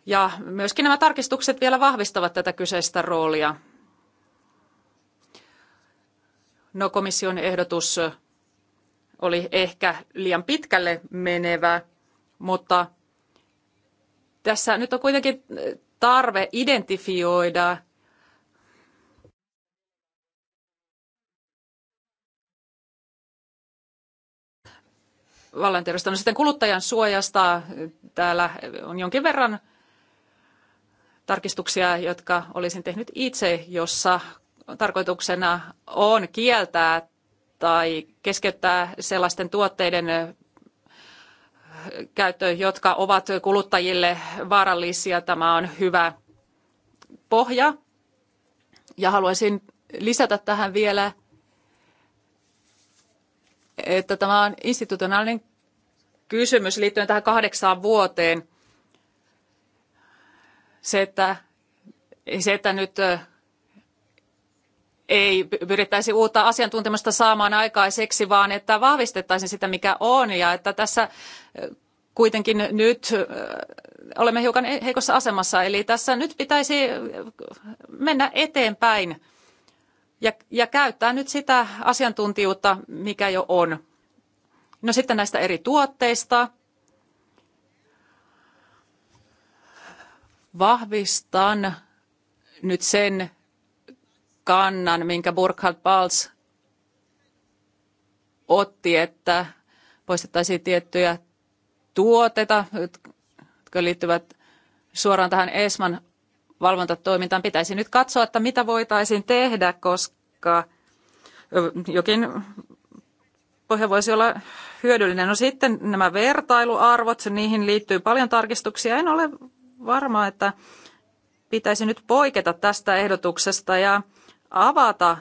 ja myöskin nämä tarkistukset vielä vahvistavat tätä kyseistä roolia. No komission ehdotus oli ehkä liian pitkälle menevä, mutta tässä nyt on kuitenkin tarve identifioida No Sitten kuluttajan suojasta täällä on jonkin verran tarkistuksia, jotka olisin tehnyt itse, jossa tarkoituksena on kieltää tai keskeyttää sellaisten tuotteiden käyttö, jotka ovat kuluttajille vaarallisia. Tämä on hyvä pohja. Ja haluaisin lisätä tähän vielä, että tämä on institutionaalinen kysymys liittyen tähän kahdeksaan vuoteen. Se, että, se, että nyt ei pyrittäisi uutta asiantuntemusta saamaan aikaiseksi, vaan että vahvistettaisiin sitä, mikä on, ja että tässä kuitenkin nyt olemme hiukan heikossa asemassa, eli tässä nyt pitäisi mennä eteenpäin ja, ja käyttää nyt sitä asiantuntijuutta, mikä jo on. No sitten näistä eri tuotteista. Vahvistan nyt sen kannan, minkä Burkhard Balz otti, että poistettaisiin tiettyjä tuotteita, jotka liittyvät suoraan tähän ESMAn valvontatoimintaan. Pitäisi nyt katsoa, että mitä voitaisiin tehdä, koska jokin pohja voisi olla hyödyllinen. No sitten nämä vertailuarvot, niihin liittyy paljon tarkistuksia. En ole varma, että pitäisi nyt poiketa tästä ehdotuksesta ja avata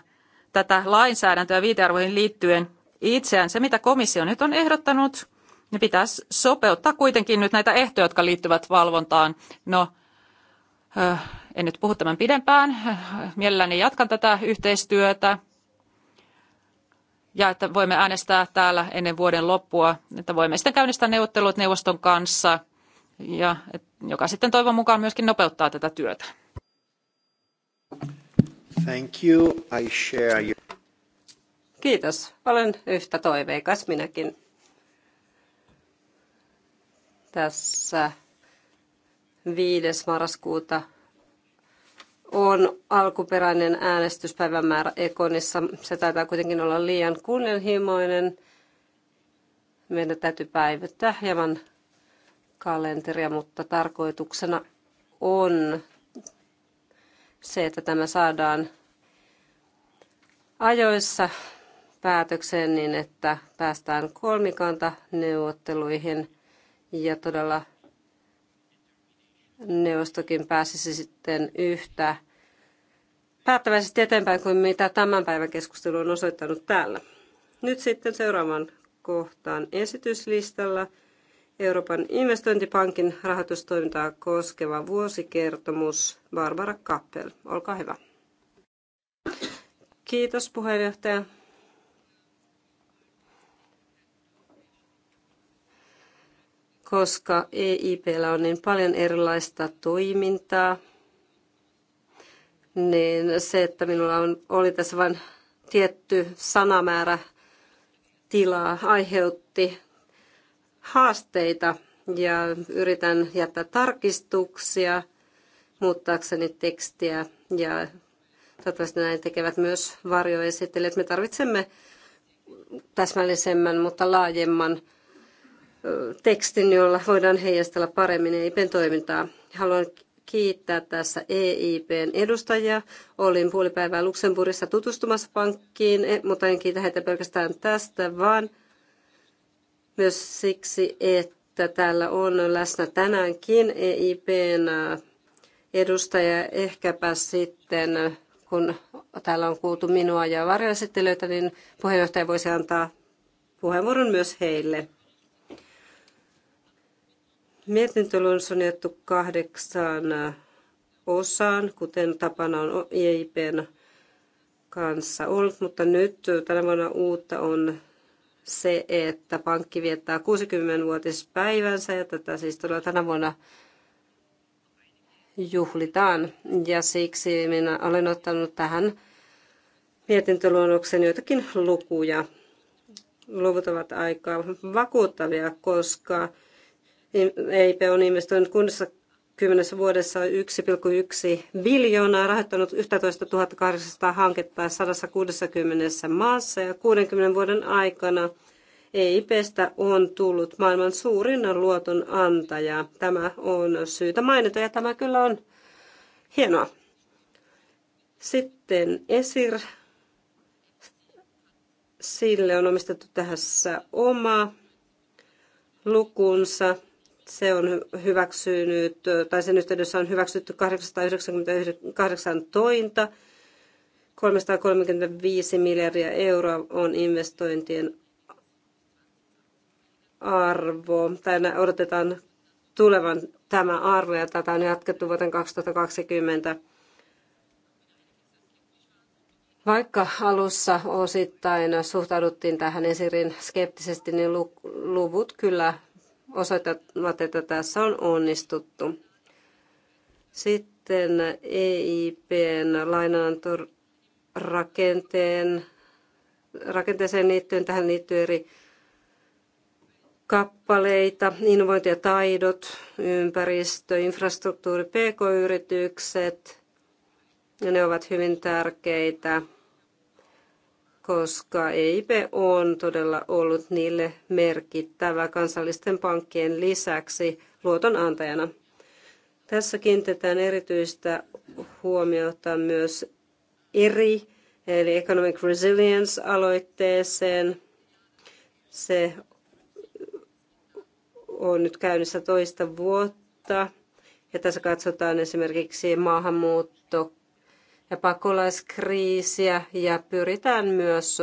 tätä lainsäädäntöä viitearvoihin liittyen itseään. Se, mitä komissio nyt on ehdottanut, niin pitäisi sopeuttaa kuitenkin nyt näitä ehtoja, jotka liittyvät valvontaan. No, en nyt puhu tämän pidempään. Mielelläni jatkan tätä yhteistyötä ja että voimme äänestää täällä ennen vuoden loppua, että voimme sitten käynnistää neuvottelut neuvoston kanssa – ja joka sitten toivon mukaan myöskin nopeuttaa tätä työtä. Thank you. I share you. Kiitos. Olen yhtä toiveikas minäkin. Tässä 5. marraskuuta on alkuperäinen äänestyspäivämäärä Ekonissa. Se taitaa kuitenkin olla liian kunnianhimoinen. Meidän täytyy päivittää hieman kalenteria, mutta tarkoituksena on se, että tämä saadaan ajoissa päätökseen niin, että päästään kolmikanta neuvotteluihin ja todella neuvostokin pääsisi sitten yhtä päättäväisesti eteenpäin kuin mitä tämän päivän keskustelu on osoittanut täällä. Nyt sitten seuraavan kohtaan esityslistalla – Euroopan investointipankin rahoitustoimintaa koskeva vuosikertomus. Barbara Kappel, olkaa hyvä. Kiitos puheenjohtaja. Koska EIPllä on niin paljon erilaista toimintaa, niin se, että minulla on, oli tässä vain tietty sanamäärä tilaa, aiheutti haasteita ja yritän jättää tarkistuksia muuttaakseni tekstiä ja toivottavasti näin tekevät myös varjoesittelijät. Me tarvitsemme täsmällisemmän, mutta laajemman tekstin, jolla voidaan heijastella paremmin EIPn toimintaa. Haluan kiittää tässä EIPn edustajia. Olin puolipäivää Luxemburgissa tutustumassa pankkiin, e, mutta en kiitä heitä pelkästään tästä, vaan – myös siksi, että täällä on läsnä tänäänkin EIPn äh, edustaja. Ehkäpä sitten, kun täällä on kuultu minua ja varjoesittelyitä, niin puheenjohtaja voisi antaa puheenvuoron myös heille. Mietintö on jaettu kahdeksaan äh, osaan, kuten tapana on EIPn kanssa ollut, mutta nyt äh, tänä vuonna uutta on se, että pankki viettää 60-vuotispäivänsä ja tätä siis todella tänä vuonna juhlitaan. Ja siksi minä olen ottanut tähän mietintöluonnoksen joitakin lukuja. Luvut ovat aika vakuuttavia, koska EIP on investoinut kymmenessä vuodessa 1,1 biljoonaa rahoittanut 11 800 hanketta 160 maassa ja 60 vuoden aikana EIPstä on tullut maailman suurin luotonantaja. Tämä on syytä mainita ja tämä kyllä on hienoa. Sitten ESIR. Sille on omistettu tässä oma lukunsa se on hyväksynyt, tai sen yhteydessä on hyväksytty 898 tointa. 335 miljardia euroa on investointien arvo. Tänä odotetaan tulevan tämä arvo, ja tätä on jatkettu vuoteen 2020. Vaikka alussa osittain suhtauduttiin tähän esirin skeptisesti, niin luvut kyllä osoittavat, että tässä on onnistuttu. Sitten EIPn lainanantorakenteen rakenteeseen liittyen, tähän liittyy eri kappaleita, innovointi ja taidot, ympäristö, infrastruktuuri, pk-yritykset, ja ne ovat hyvin tärkeitä koska EIP on todella ollut niille merkittävä kansallisten pankkien lisäksi luotonantajana. Tässä kiinnitetään erityistä huomiota myös eri, eli Economic Resilience-aloitteeseen. Se on nyt käynnissä toista vuotta. Ja tässä katsotaan esimerkiksi maahanmuutto, ja pakolaiskriisiä ja pyritään myös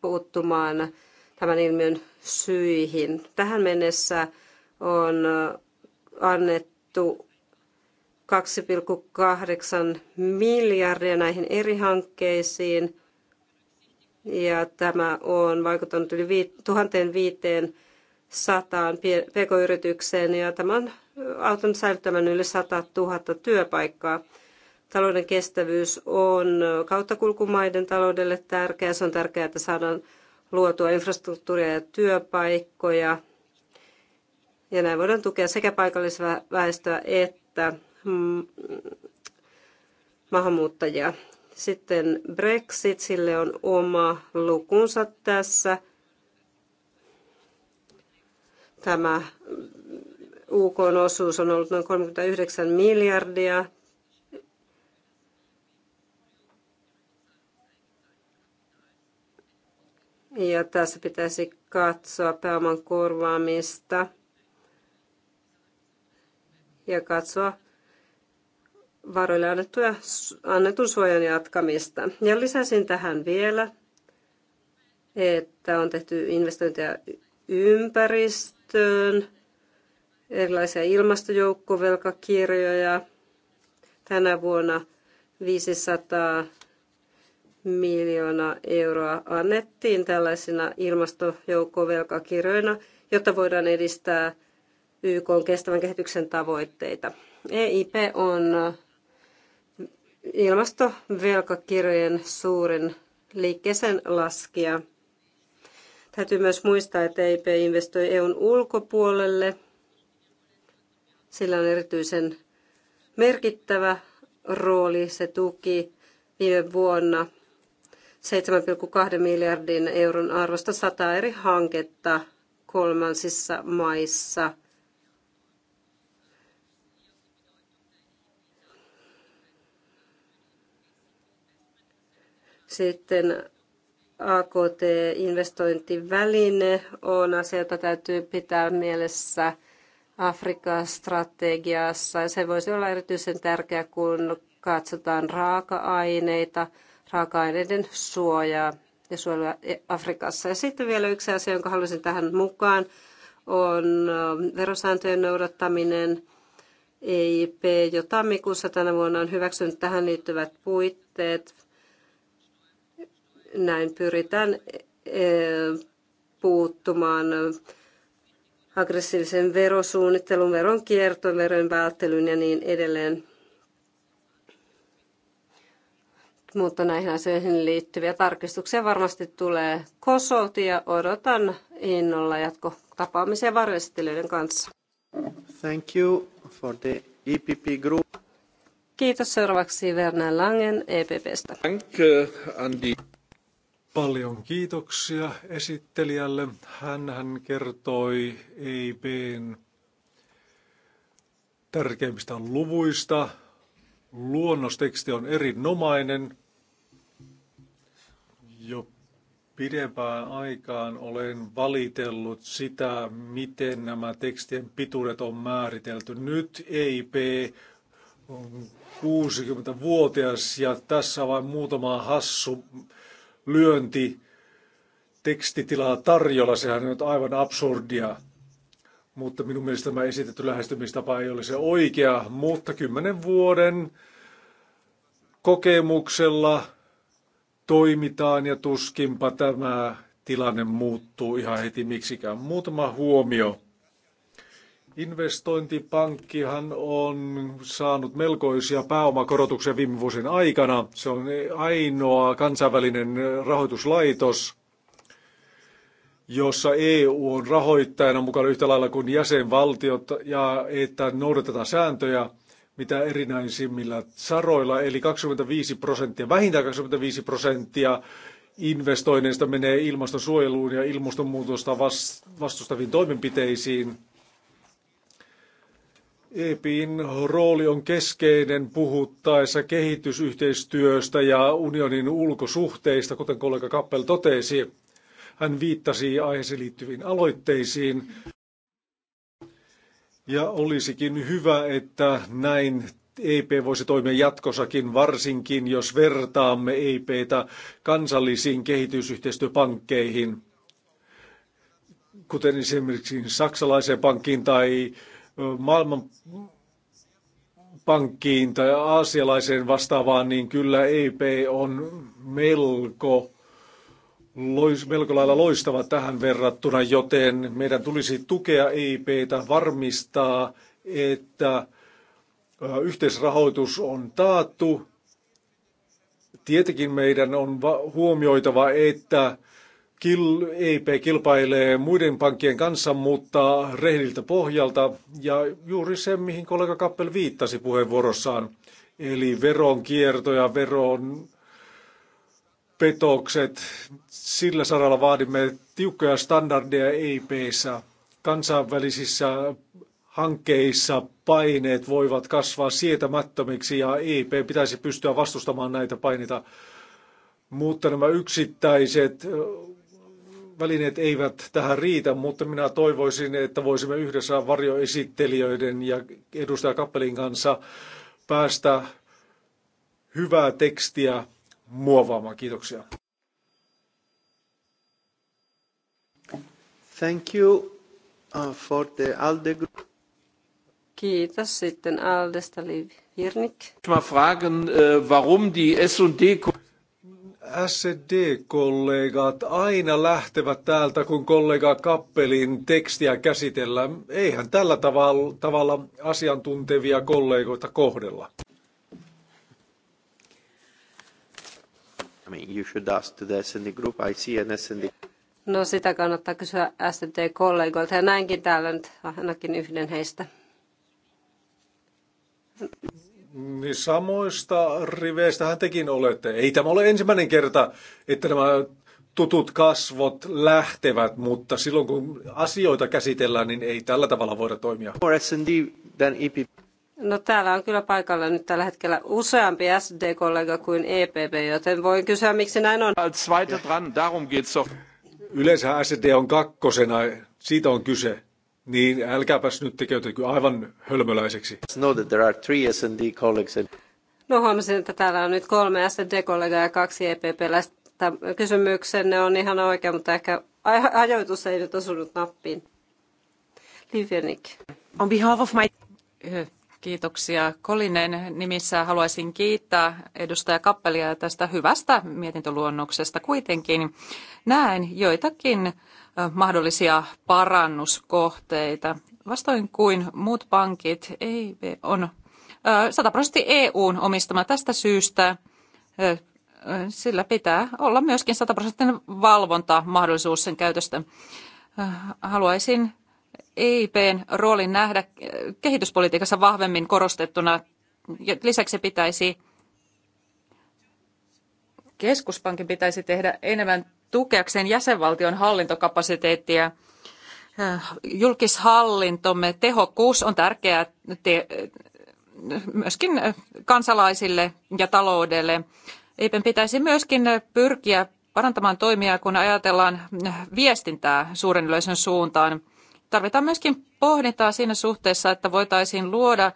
puuttumaan tämän ilmiön syihin. Tähän mennessä on annettu 2,8 miljardia näihin eri hankkeisiin ja tämä on vaikuttanut yli 1500 pk-yritykseen ja tämä on auttanut säilyttämään yli 100 000 työpaikkaa. Talouden kestävyys on kauttakulkumaiden taloudelle tärkeää. Se on tärkeää, että saadaan luotua infrastruktuuria ja työpaikkoja. Ja näin voidaan tukea sekä paikallisväestöä että mm, maahanmuuttajia. Sitten Brexit, sille on oma lukunsa tässä. Tämä UK-osuus on ollut noin 39 miljardia. Ja tässä pitäisi katsoa pääoman korvaamista ja katsoa varoille annettuja, annetun suojan jatkamista. Ja lisäsin tähän vielä, että on tehty investointeja ympäristöön, erilaisia ilmastojoukkovelkakirjoja. Tänä vuonna 500 miljoonaa euroa annettiin tällaisina ilmastojoukkovelkakirjoina, jotta voidaan edistää YK kestävän kehityksen tavoitteita. EIP on ilmastovelkakirjojen suurin liikkeeseen laskija. Täytyy myös muistaa, että EIP investoi EUn ulkopuolelle. Sillä on erityisen merkittävä rooli. Se tuki viime vuonna 7,2 miljardin euron arvosta 100 eri hanketta kolmansissa maissa. Sitten AKT-investointiväline on asia, jota täytyy pitää mielessä Afrikan strategiassa Se voisi olla erityisen tärkeä, kun katsotaan raaka-aineita – raaka-aineiden suojaa ja suojelua e- Afrikassa. Ja sitten vielä yksi asia, jonka haluaisin tähän mukaan, on ähm, verosääntöjen noudattaminen. EIP jo tammikuussa tänä vuonna on hyväksynyt tähän liittyvät puitteet. Näin pyritään e- e- puuttumaan aggressiivisen verosuunnittelun, veron kiertoon, veron välttelyyn ja niin edelleen. mutta näihin asioihin liittyviä tarkistuksia varmasti tulee kosolti ja odotan innolla jatkotapaamisia varjoesittelyiden kanssa. Thank you for the EPP group. Kiitos seuraavaksi Werner Langen EPPstä. Thank you, Andy. Paljon kiitoksia esittelijälle. Hän kertoi EIPn tärkeimmistä luvuista, Luonnosteksti on erinomainen. Jo pidempään aikaan olen valitellut sitä, miten nämä tekstien pituudet on määritelty. Nyt ei on 60-vuotias ja tässä vain muutama hassu lyönti tekstitilaa tarjolla. Sehän on nyt aivan absurdia. Mutta minun mielestä tämä esitetty lähestymistapa ei ole se oikea, mutta kymmenen vuoden kokemuksella toimitaan ja tuskinpa tämä tilanne muuttuu ihan heti miksikään. Muutama huomio. Investointipankkihan on saanut melkoisia pääomakorotuksia viime vuosien aikana. Se on ainoa kansainvälinen rahoituslaitos, jossa EU on rahoittajana mukana yhtä lailla kuin jäsenvaltiot ja että noudatetaan sääntöjä mitä erinäisimmillä saroilla, eli 25 prosenttia, vähintään 25 prosenttia investoinneista menee ilmastonsuojeluun ja ilmastonmuutosta vastustaviin toimenpiteisiin. EPin rooli on keskeinen puhuttaessa kehitysyhteistyöstä ja unionin ulkosuhteista, kuten kollega Kappel totesi. Hän viittasi aiheeseen liittyviin aloitteisiin. Ja olisikin hyvä, että näin EP voisi toimia jatkossakin, varsinkin jos vertaamme EPtä kansallisiin kehitysyhteistyöpankkeihin, kuten esimerkiksi saksalaiseen pankkiin tai maailman pankkiin tai aasialaiseen vastaavaan, niin kyllä EP on melko lois, melko lailla loistava tähän verrattuna, joten meidän tulisi tukea EIPtä, varmistaa, että yhteisrahoitus on taattu. Tietenkin meidän on huomioitava, että EIP kilpailee muiden pankkien kanssa, mutta rehdiltä pohjalta. Ja juuri se, mihin kollega Kappel viittasi puheenvuorossaan, eli veronkierto ja veron petokset, sillä saralla vaadimme tiukkoja standardeja EIPissä. Kansainvälisissä hankkeissa paineet voivat kasvaa sietämättömiksi ja EIP pitäisi pystyä vastustamaan näitä paineita. Mutta nämä yksittäiset välineet eivät tähän riitä, mutta minä toivoisin, että voisimme yhdessä varjoesittelijöiden ja edustaja Kappelin kanssa päästä hyvää tekstiä muovaamaan. Kiitoksia. Thank you uh, for the ALDE group. Kiitos. Sitten Aldesta Liv Hirnik. Mä fragen, äh, warum die S&D... SD-kollegat aina lähtevät täältä, kun kollega Kappelin tekstiä käsitellään. Eihän tällä tavalla, tavalla asiantuntevia kollegoita kohdella. I mean, you should ask to the S&D group. I see an S&D No sitä kannattaa kysyä STT-kollegoilta ja näinkin täällä nyt ainakin yhden heistä. Niin samoista riveistähän tekin olette. Ei tämä ole ensimmäinen kerta, että nämä tutut kasvot lähtevät, mutta silloin kun asioita käsitellään, niin ei tällä tavalla voida toimia. E no täällä on kyllä paikalla nyt tällä hetkellä useampi SD-kollega kuin EPP, joten voin kysyä, miksi näin on. Als zweite dran, darum geht's doch. Yleensä SD on kakkosena, siitä on kyse. Niin älkääpäs nyt tekeytykö aivan hölmöläiseksi. No, that there are three S&D colleagues and... No huomasin, että täällä on nyt kolme SD-kollegaa ja kaksi EPP-läistä. Kysymyksenne on ihan oikea, mutta ehkä ajoitus ei nyt osunut nappiin. Livjenik. On behalf of my Kiitoksia. Kolinen nimissä haluaisin kiittää edustaja Kappelia tästä hyvästä mietintöluonnoksesta. Kuitenkin näen joitakin mahdollisia parannuskohteita. Vastoin kuin muut pankit ei on 100 prosenttia EUn omistama tästä syystä sillä pitää olla myöskin 100 prosentin valvontamahdollisuus sen käytöstä. Haluaisin EIPn roolin nähdä eh, kehityspolitiikassa vahvemmin korostettuna. Lisäksi pitäisi keskuspankin pitäisi tehdä enemmän tukeakseen jäsenvaltion hallintokapasiteettia. Eh, julkishallintomme tehokkuus on tärkeää te- eh, myöskin kansalaisille ja taloudelle. EIPen pitäisi myöskin pyrkiä parantamaan toimia, kun ajatellaan viestintää suuren yleisön suuntaan tarvitaan myöskin pohdintaa siinä suhteessa, että voitaisiin luoda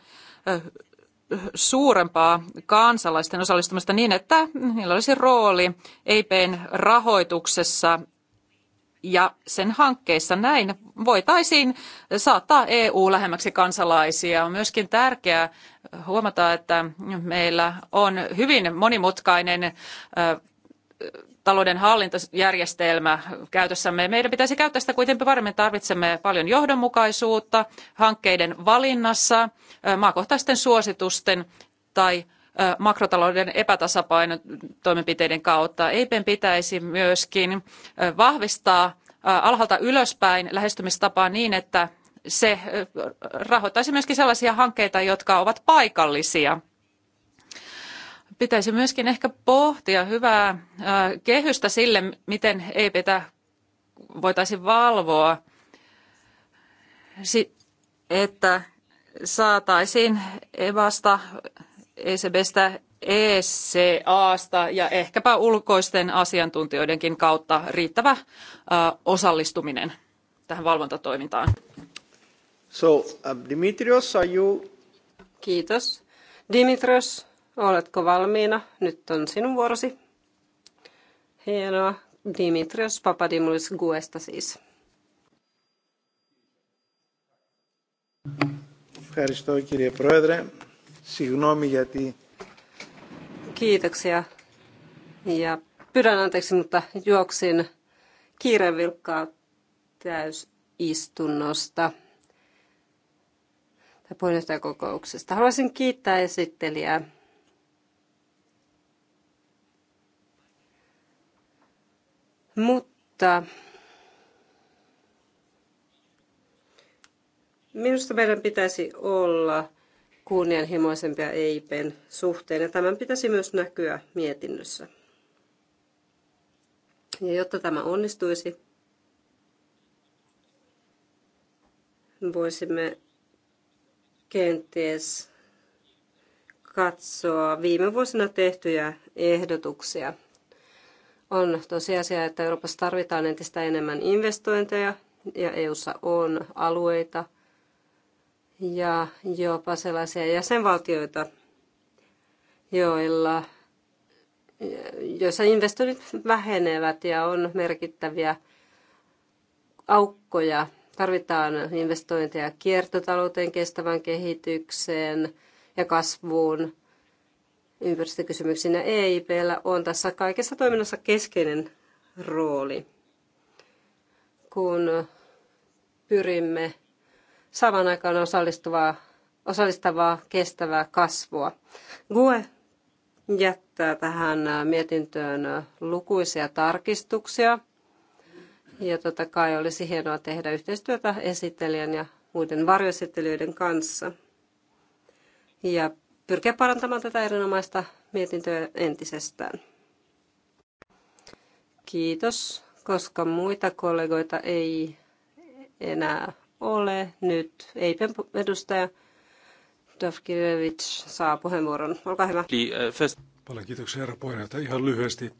suurempaa kansalaisten osallistumista niin, että niillä olisi rooli EIPn rahoituksessa ja sen hankkeissa. Näin voitaisiin saattaa EU lähemmäksi kansalaisia. On myöskin tärkeää huomata, että meillä on hyvin monimutkainen talouden hallintajärjestelmä käytössämme. Meidän pitäisi käyttää sitä kuitenkin paremmin. Tarvitsemme paljon johdonmukaisuutta hankkeiden valinnassa, maakohtaisten suositusten tai makrotalouden epätasapaino toimenpiteiden kautta. EIPen pitäisi myöskin vahvistaa alhaalta ylöspäin lähestymistapaa niin, että se rahoittaisi myöskin sellaisia hankkeita, jotka ovat paikallisia – Pitäisi myöskin ehkä pohtia hyvää äh, kehystä sille, miten ei pitä voitaisiin valvoa, että saataisiin EVAsta, ECBstä, ECAsta ja ehkäpä ulkoisten asiantuntijoidenkin kautta riittävä äh, osallistuminen tähän valvontatoimintaan. So, um, Dimitrios, are you... Kiitos. Dimitrios, Oletko valmiina? Nyt on sinun vuorosi. Hienoa. Dimitrios Papadimulis Guesta siis. Kiitoksia. Ja pyydän anteeksi, mutta juoksin kiirevilkkaa täysistunnosta tai puheenjohtajakokouksesta. Haluaisin kiittää esittelijää Mutta minusta meidän pitäisi olla kunnianhimoisempia EIPn suhteen ja tämän pitäisi myös näkyä mietinnössä. Ja jotta tämä onnistuisi, voisimme kenties katsoa viime vuosina tehtyjä ehdotuksia. On tosiasia, että Euroopassa tarvitaan entistä enemmän investointeja ja EUssa on alueita ja jopa sellaisia jäsenvaltioita, joilla, joissa investoinnit vähenevät ja on merkittäviä aukkoja. Tarvitaan investointeja kiertotalouteen, kestävän kehitykseen ja kasvuun ympäristökysymyksinä. EIPllä on tässä kaikessa toiminnassa keskeinen rooli, kun pyrimme saman aikaan osallistuvaa, osallistavaa kestävää kasvua. GUE jättää tähän mietintöön lukuisia tarkistuksia. Ja totta kai olisi hienoa tehdä yhteistyötä esittelijän ja muiden varjoesittelijöiden kanssa. Ja pyrkiä parantamaan tätä erinomaista mietintöä entisestään. Kiitos, koska muita kollegoita ei enää ole. Nyt ei edustaja Dovkirevich saa puheenvuoron. Olkaa hyvä. Eh, Paljon kiitoksia herra puheenjohtaja. Ihan lyhyesti.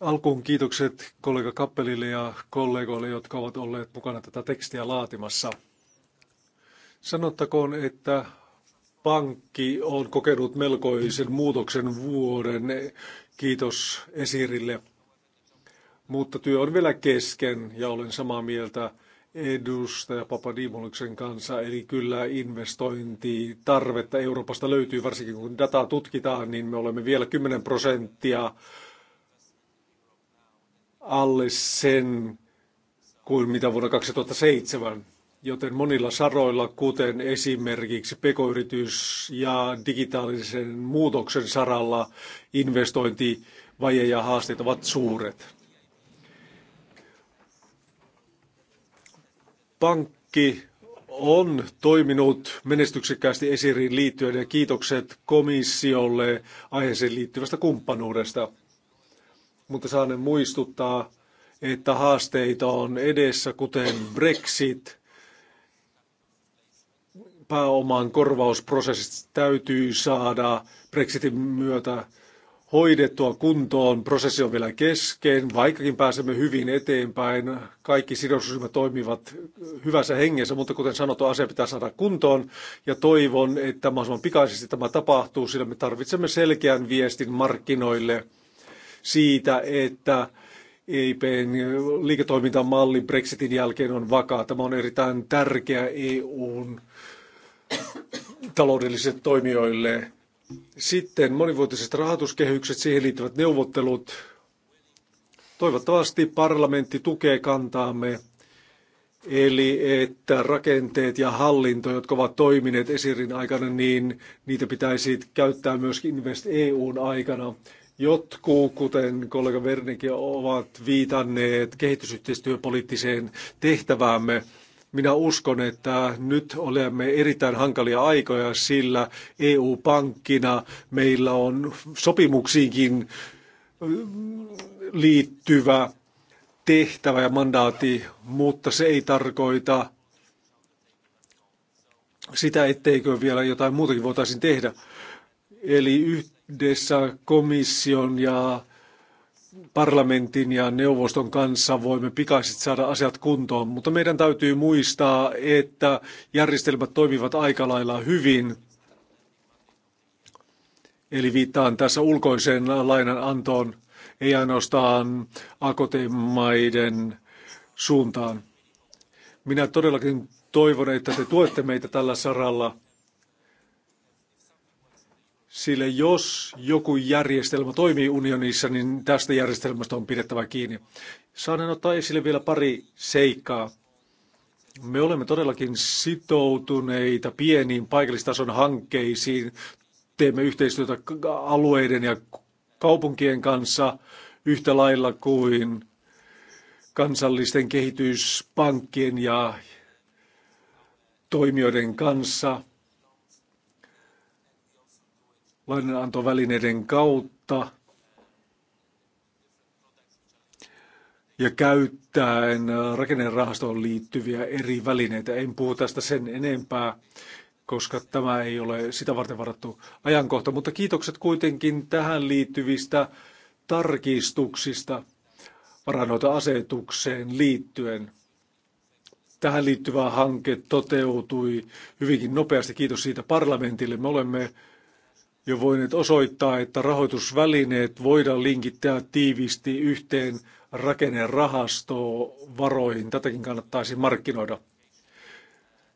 Alkuun kiitokset kollega Kappelille ja kollegoille, jotka ovat olleet mukana tätä tekstiä laatimassa. Sanottakoon, että pankki on kokenut melkoisen muutoksen vuoden. Kiitos Esirille. Mutta työ on vielä kesken ja olen samaa mieltä edustaja Papadimoluksen kanssa. Eli kyllä investointitarvetta Euroopasta löytyy, varsinkin kun dataa tutkitaan, niin me olemme vielä 10 prosenttia alle sen kuin mitä vuonna 2007 joten monilla saroilla, kuten esimerkiksi pekoyritys ja digitaalisen muutoksen saralla, investointivaje ja haasteet ovat suuret. Pankki on toiminut menestyksekkäästi esiriin liittyen ja kiitokset komissiolle aiheeseen liittyvästä kumppanuudesta. Mutta saanen muistuttaa, että haasteita on edessä, kuten Brexit – pääoman korvausprosessista täytyy saada Brexitin myötä hoidettua kuntoon. Prosessi on vielä kesken, vaikkakin pääsemme hyvin eteenpäin. Kaikki sidosryhmät toimivat hyvässä hengessä, mutta kuten sanottu, asia pitää saada kuntoon. Ja toivon, että mahdollisimman pikaisesti tämä tapahtuu, sillä me tarvitsemme selkeän viestin markkinoille siitä, että EIPn liiketoimintamalli Brexitin jälkeen on vakaa. Tämä on erittäin tärkeä EUn taloudellisille toimijoille. Sitten monivuotiset rahoituskehykset, siihen liittyvät neuvottelut. Toivottavasti parlamentti tukee kantaamme, eli että rakenteet ja hallinto, jotka ovat toimineet esirin aikana, niin niitä pitäisi käyttää myöskin Invest EUn aikana. Jotkut, kuten kollega Vernikin, ovat viitanneet kehitysyhteistyöpoliittiseen tehtäväämme – minä uskon, että nyt olemme erittäin hankalia aikoja, sillä EU-pankkina meillä on sopimuksiinkin mm, liittyvä tehtävä ja mandaatti, mutta se ei tarkoita sitä, etteikö vielä jotain muutakin voitaisiin tehdä. Eli yhdessä komission ja parlamentin ja neuvoston kanssa voimme pikaisesti saada asiat kuntoon, mutta meidän täytyy muistaa, että järjestelmät toimivat aika lailla hyvin. Eli viittaan tässä ulkoiseen lainanantoon, ei ainoastaan AKT-maiden suuntaan. Minä todellakin toivon, että te tuette meitä tällä saralla – sillä jos joku järjestelmä toimii unionissa, niin tästä järjestelmästä on pidettävä kiinni. Saan ottaa esille vielä pari seikkaa. Me olemme todellakin sitoutuneita pieniin paikallistason hankkeisiin. Teemme yhteistyötä alueiden ja kaupunkien kanssa yhtä lailla kuin kansallisten kehityspankkien ja toimijoiden kanssa – lainanantovälineiden kautta ja käyttäen rakennerahastoon liittyviä eri välineitä. En puhu tästä sen enempää, koska tämä ei ole sitä varten varattu ajankohta, mutta kiitokset kuitenkin tähän liittyvistä tarkistuksista varanoita-asetukseen liittyen. Tähän liittyvä hanke toteutui hyvinkin nopeasti. Kiitos siitä parlamentille. Me olemme jo voineet osoittaa, että rahoitusvälineet voidaan linkittää tiiviisti yhteen rakennerahastovaroihin. Tätäkin kannattaisi markkinoida.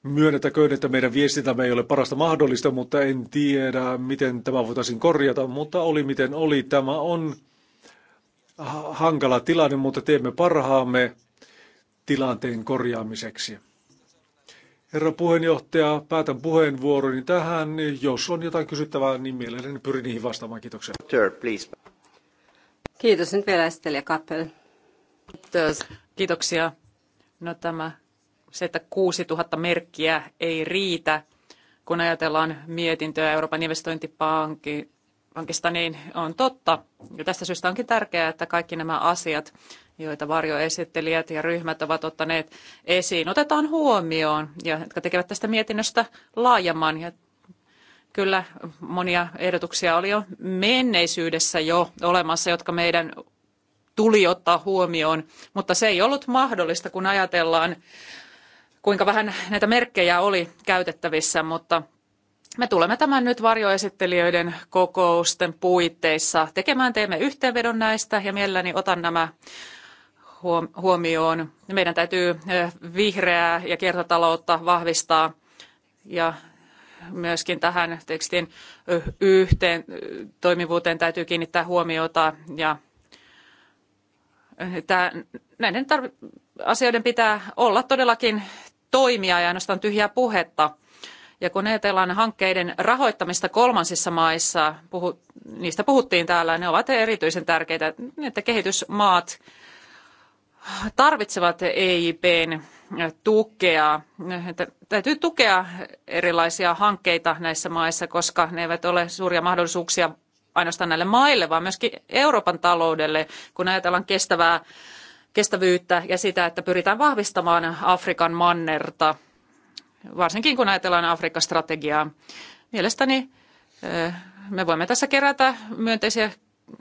Myönnetäköön, että meidän viestintämme ei ole parasta mahdollista, mutta en tiedä, miten tämä voitaisiin korjata, mutta oli miten oli. Tämä on hankala tilanne, mutta teemme parhaamme tilanteen korjaamiseksi. Herra puheenjohtaja, päätän puheenvuoroni tähän. Jos on jotain kysyttävää, niin mielelläni pyrin niihin vastaamaan. Kiitoksia. Sir, Kiitos. Nyt vielä Estelia Kappel. Kiitos. Kiitoksia. No tämä, se, että 6000 merkkiä ei riitä, kun ajatellaan mietintöä Euroopan investointipankin pankista, niin on totta. Ja tästä syystä onkin tärkeää, että kaikki nämä asiat, joita varjoesittelijät ja ryhmät ovat ottaneet esiin, otetaan huomioon ja jotka tekevät tästä mietinnöstä laajemman. Ja kyllä monia ehdotuksia oli jo menneisyydessä jo olemassa, jotka meidän tuli ottaa huomioon, mutta se ei ollut mahdollista, kun ajatellaan, kuinka vähän näitä merkkejä oli käytettävissä, mutta me tulemme tämän nyt varjoesittelijöiden kokousten puitteissa tekemään. Teemme yhteenvedon näistä ja mielelläni otan nämä huomioon. Meidän täytyy vihreää ja kiertotaloutta vahvistaa ja myöskin tähän tekstin yhteen toimivuuteen täytyy kiinnittää huomiota ja tämä, näiden asioiden pitää olla todellakin toimia ja ainoastaan tyhjää puhetta. Ja kun ajatellaan hankkeiden rahoittamista kolmansissa maissa, puhu, niistä puhuttiin täällä, ne ovat erityisen tärkeitä, että kehitysmaat tarvitsevat EIPn tukea. Että täytyy tukea erilaisia hankkeita näissä maissa, koska ne eivät ole suuria mahdollisuuksia ainoastaan näille maille, vaan myöskin Euroopan taloudelle, kun ajatellaan kestävää, kestävyyttä ja sitä, että pyritään vahvistamaan Afrikan mannerta – varsinkin kun ajatellaan Afrikka-strategiaa. Mielestäni eh, me voimme tässä kerätä myönteisiä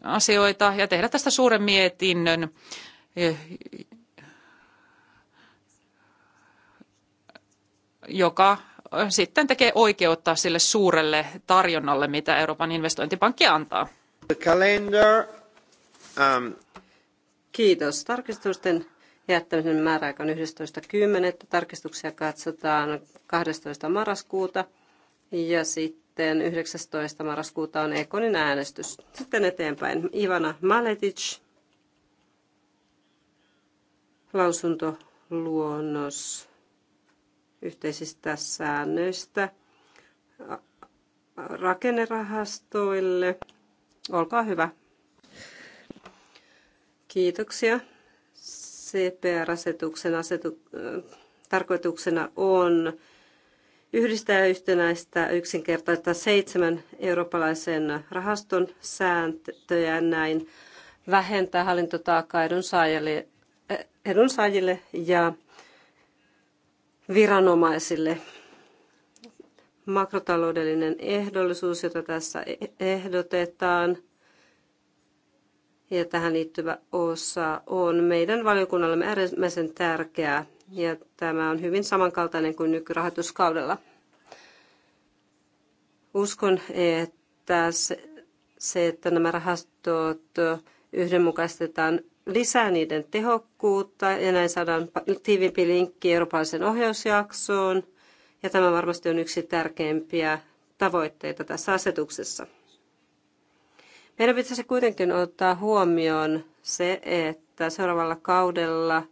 asioita ja tehdä tästä suuren mietinnön. Eh, joka eh, sitten tekee oikeutta sille suurelle tarjonnalle, mitä Euroopan investointipankki antaa. Calendar, um... Kiitos. Tarkistusten jättämisen määräaika on 11.10. Tarkistuksia katsotaan 12. marraskuuta ja sitten 19. marraskuuta on Ekonin äänestys. Sitten eteenpäin Ivana Maletic, lausuntoluonnos yhteisistä säännöistä rakennerahastoille. Olkaa hyvä. Kiitoksia. CPR-asetuksen asetu, tarkoituksena on yhdistää yhtenäistä yksinkertaista seitsemän eurooppalaisen rahaston sääntöjä näin vähentää hallintotaakkaa edunsaajille, eh, edunsaajille ja viranomaisille. Makrotaloudellinen ehdollisuus, jota tässä e-, ehdotetaan, ja tähän liittyvä osa on meidän valiokunnallemme äärimmäisen tärkeää. Ja tämä on hyvin samankaltainen kuin nykyrahoituskaudella. Uskon, että se, että nämä rahastot yhdenmukaistetaan lisää niiden tehokkuutta ja näin saadaan tiiviimpi linkki eurooppalaisen ohjausjaksoon. Ja tämä varmasti on yksi tärkeimpiä tavoitteita tässä asetuksessa. Meidän pitäisi kuitenkin ottaa huomioon se, että seuraavalla kaudella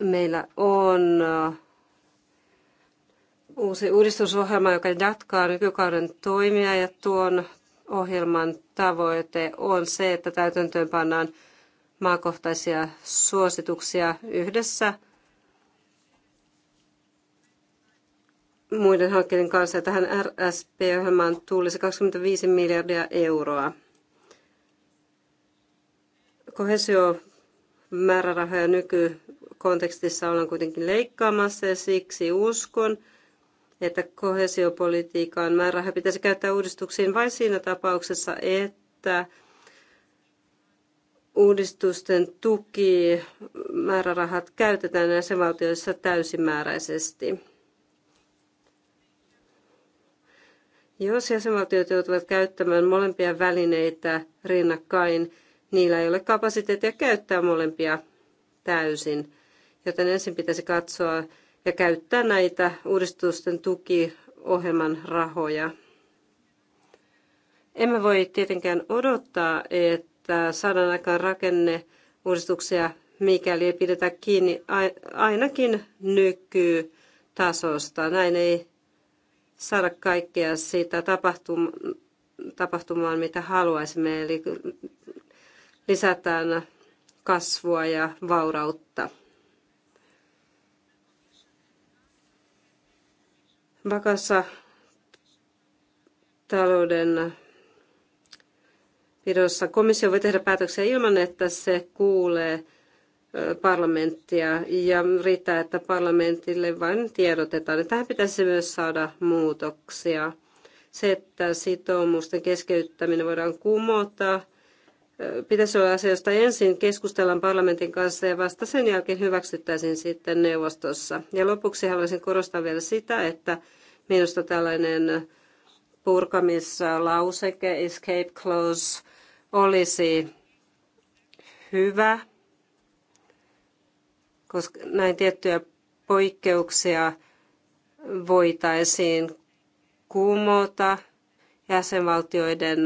meillä on äh, uusi uudistusohjelma, joka jatkaa nykykauden toimia ja tuon ohjelman tavoite on se, että täytäntöön pannaan maakohtaisia suosituksia yhdessä muiden hankkeiden kanssa. Tähän RSP-ohjelmaan se 25 miljardia euroa. Kohesio määrärahoja nykykontekstissa ollaan kuitenkin leikkaamassa ja siksi uskon, että kohesiopolitiikan määräraha pitäisi käyttää uudistuksiin vain siinä tapauksessa, että uudistusten tuki määrärahat käytetään näissä valtioissa täysimääräisesti. Jos jäsenvaltiot joutuvat käyttämään molempia välineitä rinnakkain, niillä ei ole kapasiteettia käyttää molempia täysin. Joten ensin pitäisi katsoa ja käyttää näitä uudistusten tukiohjelman rahoja. Emme voi tietenkään odottaa, että saadaan aikaan rakenne uudistuksia, mikäli ei pidetä kiinni ainakin nykytasosta. Näin ei saada kaikkea sitä tapahtum- tapahtumaan, mitä haluaisimme. Eli lisätään kasvua ja vaurautta. Vakassa talouden pidossa komissio voi tehdä päätöksiä ilman, että se kuulee parlamenttia ja riittää, että parlamentille vain tiedotetaan. Tähän pitäisi myös saada muutoksia. Se, että sitoumusten keskeyttäminen voidaan kumota, pitäisi olla asia, josta ensin keskustellaan parlamentin kanssa ja vasta sen jälkeen hyväksyttäisiin sitten neuvostossa. Ja lopuksi haluaisin korostaa vielä sitä, että minusta tällainen purkamislauseke, escape clause, olisi hyvä – koska näin tiettyjä poikkeuksia voitaisiin kumota jäsenvaltioiden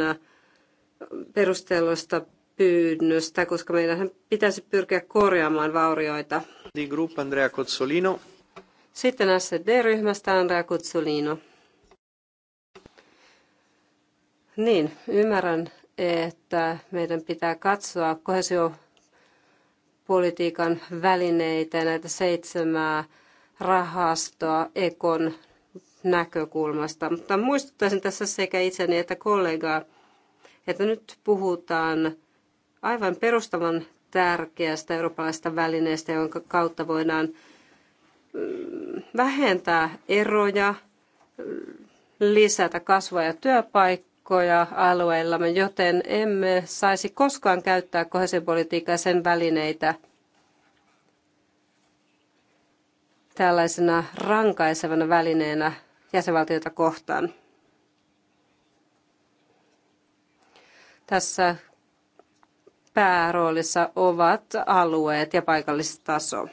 perustellusta pyynnöstä, koska meidän pitäisi pyrkiä korjaamaan vaurioita. Di Group Andrea Cozzolino. Sitten SD-ryhmästä Andrea Cozzolino. Niin, ymmärrän, että meidän pitää katsoa kohesio politiikan välineitä näitä seitsemää rahastoa Ekon näkökulmasta. Mutta muistuttaisin tässä sekä itseni että kollegaa, että nyt puhutaan aivan perustavan tärkeästä eurooppalaisesta välineestä, jonka kautta voidaan mm, vähentää eroja, mm, lisätä kasvua ja työpaikkoja heikkoja alueillamme, joten emme saisi koskaan käyttää kohesiopolitiikkaa ja sen välineitä tällaisena rankaisevana välineenä jäsenvaltiota kohtaan. Tässä pääroolissa ovat alueet ja paikallistaso.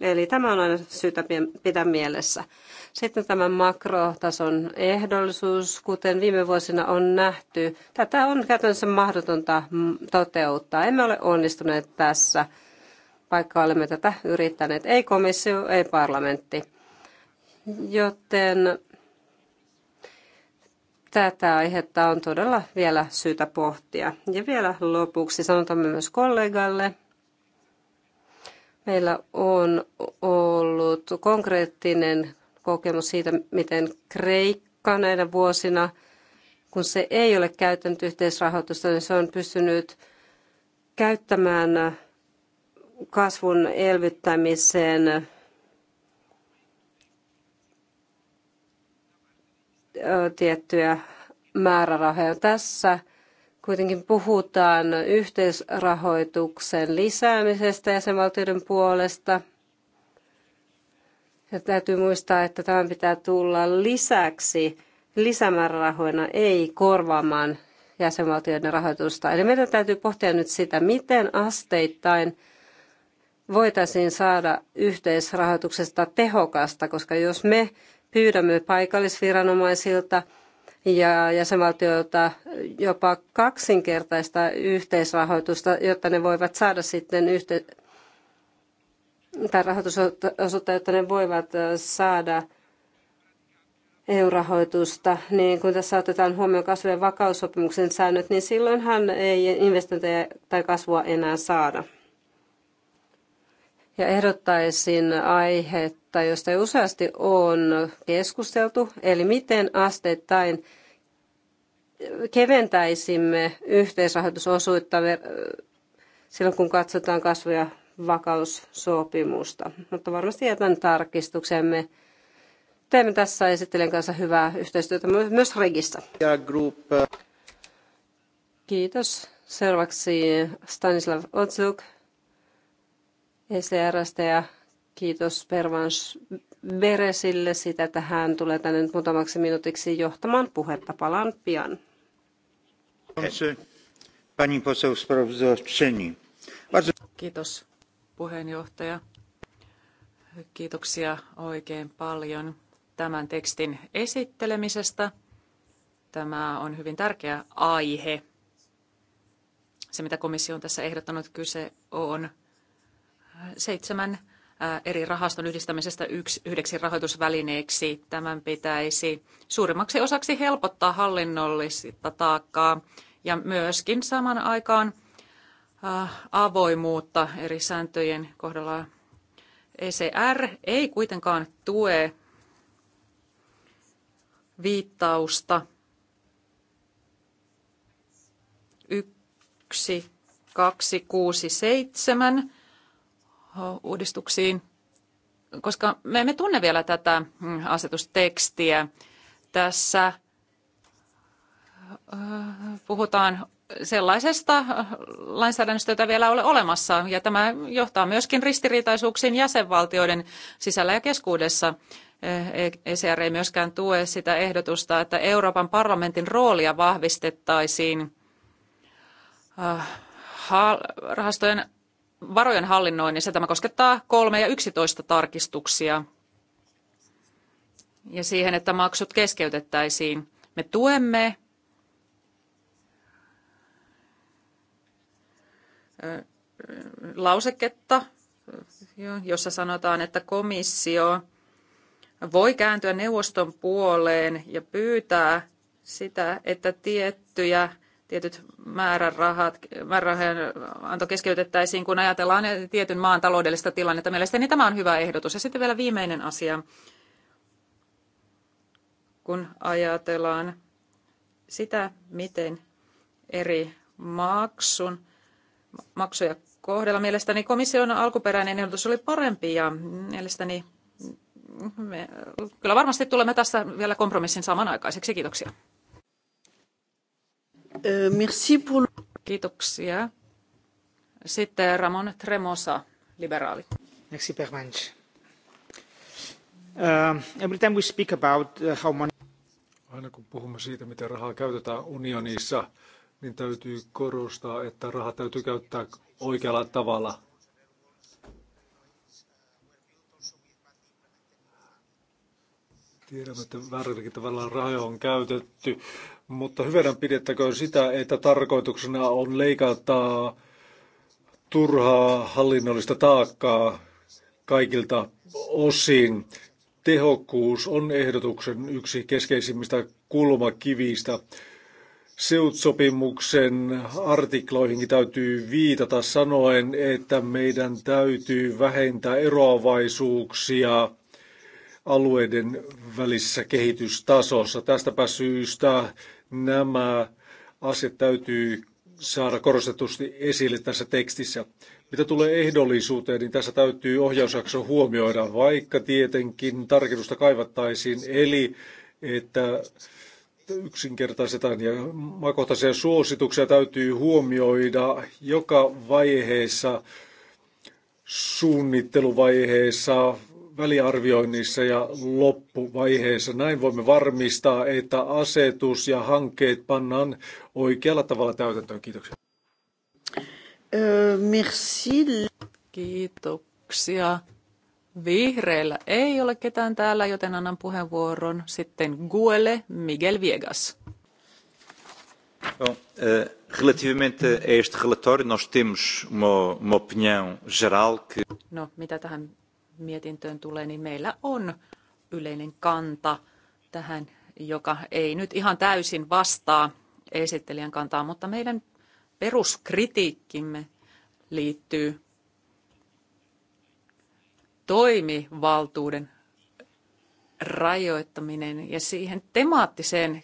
Eli tämä on aina syytä pitää mielessä. Sitten tämä makrotason ehdollisuus, kuten viime vuosina on nähty, tätä on käytännössä mahdotonta toteuttaa. Emme ole onnistuneet tässä, vaikka olemme tätä yrittäneet. Ei komissio, ei parlamentti. Joten tätä aihetta on todella vielä syytä pohtia. Ja vielä lopuksi sanotamme myös kollegalle, meillä on ollut konkreettinen kokemus siitä, miten Kreikka näinä vuosina, kun se ei ole käyttänyt yhteisrahoitusta, niin se on pystynyt käyttämään kasvun elvyttämiseen tiettyjä määrärahoja. Tässä kuitenkin puhutaan yhteisrahoituksen lisäämisestä jäsenvaltioiden puolesta – ja täytyy muistaa, että tämän pitää tulla lisäksi lisämäärärahoina, ei korvaamaan jäsenvaltioiden rahoitusta. Eli meidän täytyy pohtia nyt sitä, miten asteittain voitaisiin saada yhteisrahoituksesta tehokasta, koska jos me pyydämme paikallisviranomaisilta ja jäsenvaltioilta jopa kaksinkertaista yhteisrahoitusta, jotta ne voivat saada sitten yhteisrahoitusta, tai rahoitusosuutta, jotta ne voivat saada EU-rahoitusta, niin kun tässä otetaan huomioon kasvu- ja vakaussopimuksen säännöt, niin silloinhan ei investointeja tai kasvua enää saada. Ja ehdottaisin aihetta, josta useasti on keskusteltu, eli miten asteittain keventäisimme yhteisrahoitusosuutta silloin, kun katsotaan kasvu- ja vakaussopimusta. Mutta varmasti jätän tarkistuksemme. Teemme tässä esittelen kanssa hyvää yhteistyötä myös Regissa. Eh. Kiitos. Seuraavaksi Stanislav Otsuk ECRstä ja kiitos Pervans Beresille sitä, että hän tulee tänne nyt muutamaksi minuutiksi johtamaan puhetta. Palaan pian. Pani Kiitos puheenjohtaja. Kiitoksia oikein paljon tämän tekstin esittelemisestä. Tämä on hyvin tärkeä aihe. Se, mitä komissio on tässä ehdottanut, kyse on seitsemän eri rahaston yhdistämisestä yksi, yhdeksi rahoitusvälineeksi. Tämän pitäisi suurimmaksi osaksi helpottaa hallinnollista taakkaa ja myöskin saman aikaan – Ah, avoimuutta eri sääntöjen kohdalla. ECR ei kuitenkaan tue viittausta yksi, kaksi, kuusi, seitsemän uudistuksiin, koska me emme tunne vielä tätä mm, asetustekstiä. Tässä äh, puhutaan sellaisesta äh, lainsäädännöstä, jota vielä ei ole olemassa. Ja tämä johtaa myöskin ristiriitaisuuksiin jäsenvaltioiden sisällä ja keskuudessa. Äh, ECR e ei myöskään tue sitä ehdotusta, että Euroopan parlamentin roolia vahvistettaisiin äh, rahastojen varojen hallinnoinnissa. Tämä koskettaa 3 ja 11 tarkistuksia ja siihen, että maksut keskeytettäisiin. Me tuemme lauseketta, jossa sanotaan, että komissio voi kääntyä neuvoston puoleen ja pyytää sitä, että tiettyjä tietyt määrärahat, määrärahojen anto keskeytettäisiin, kun ajatellaan tietyn maan taloudellista tilannetta. Mielestäni tämä on hyvä ehdotus. Ja sitten vielä viimeinen asia, kun ajatellaan sitä, miten eri maksun maksuja kohdella. Mielestäni komission alkuperäinen ehdotus oli parempi ja mielestäni me kyllä varmasti tulemme tässä vielä kompromissin samanaikaiseksi. Kiitoksia. Merci pour... Kiitoksia. Sitten Ramon Tremosa, liberaali. Merci per Uh, every time we speak about uh, how money... Aina kun puhumme siitä, miten rahaa käytetään unionissa, niin täytyy korostaa, että rahat täytyy käyttää oikealla tavalla. Tiedämme, että väärälläkin tavalla rahoja on käytetty, mutta hyvänä pidettäköön sitä, että tarkoituksena on leikata turhaa hallinnollista taakkaa kaikilta osin. Tehokkuus on ehdotuksen yksi keskeisimmistä kulmakivistä. SEUT-sopimuksen artikloihin täytyy viitata sanoen, että meidän täytyy vähentää eroavaisuuksia alueiden välissä kehitystasossa. Tästäpä syystä nämä asiat täytyy saada korostetusti esille tässä tekstissä. Mitä tulee ehdollisuuteen, niin tässä täytyy ohjausjakso huomioida, vaikka tietenkin tarkennusta kaivattaisiin, eli että yksinkertaistetaan ja maakohtaisia suosituksia täytyy huomioida joka vaiheessa, suunnitteluvaiheessa, väliarvioinnissa ja loppuvaiheessa. Näin voimme varmistaa, että asetus ja hankkeet pannaan oikealla tavalla täytäntöön. Kiitoksia. merci. Kiitoksia. Vihreillä ei ole ketään täällä, joten annan puheenvuoron sitten Guelle Miguel Viegas. Bom, eh, relativamente a este relatório, nós temos uma, uma opinião geral que... No, mitä tähän mietintöön tulee, niin meillä on yleinen kanta tähän, joka ei nyt ihan täysin vastaa esittelijän kantaa, mutta meidän peruskritiikkimme liittyy toimivaltuuden rajoittaminen ja siihen temaattiseen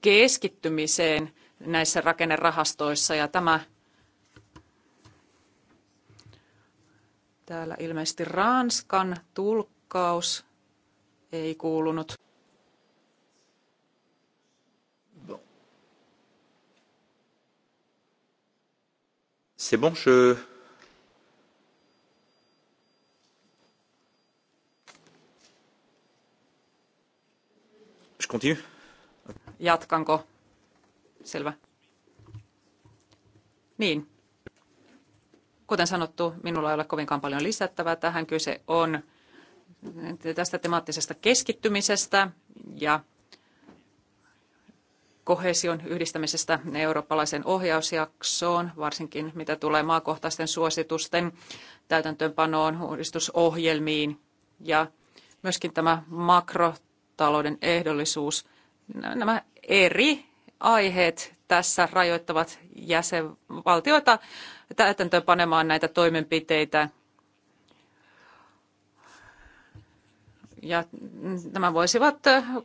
keskittymiseen näissä rakennerahastoissa ja tämä täällä ilmeisesti Ranskan tulkkaus ei kuulunut. C'est bon, je continue? Jatkanko? Selvä. Niin. Kuten sanottu, minulla ei ole kovinkaan paljon lisättävää tähän. Kyse on tästä temaattisesta keskittymisestä ja kohesion yhdistämisestä eurooppalaisen ohjausjaksoon, varsinkin mitä tulee maakohtaisten suositusten täytäntöönpanoon, uudistusohjelmiin ja myöskin tämä makro talouden ehdollisuus. Nämä eri aiheet tässä rajoittavat jäsenvaltioita täytäntöön panemaan näitä toimenpiteitä. Ja nämä voisivat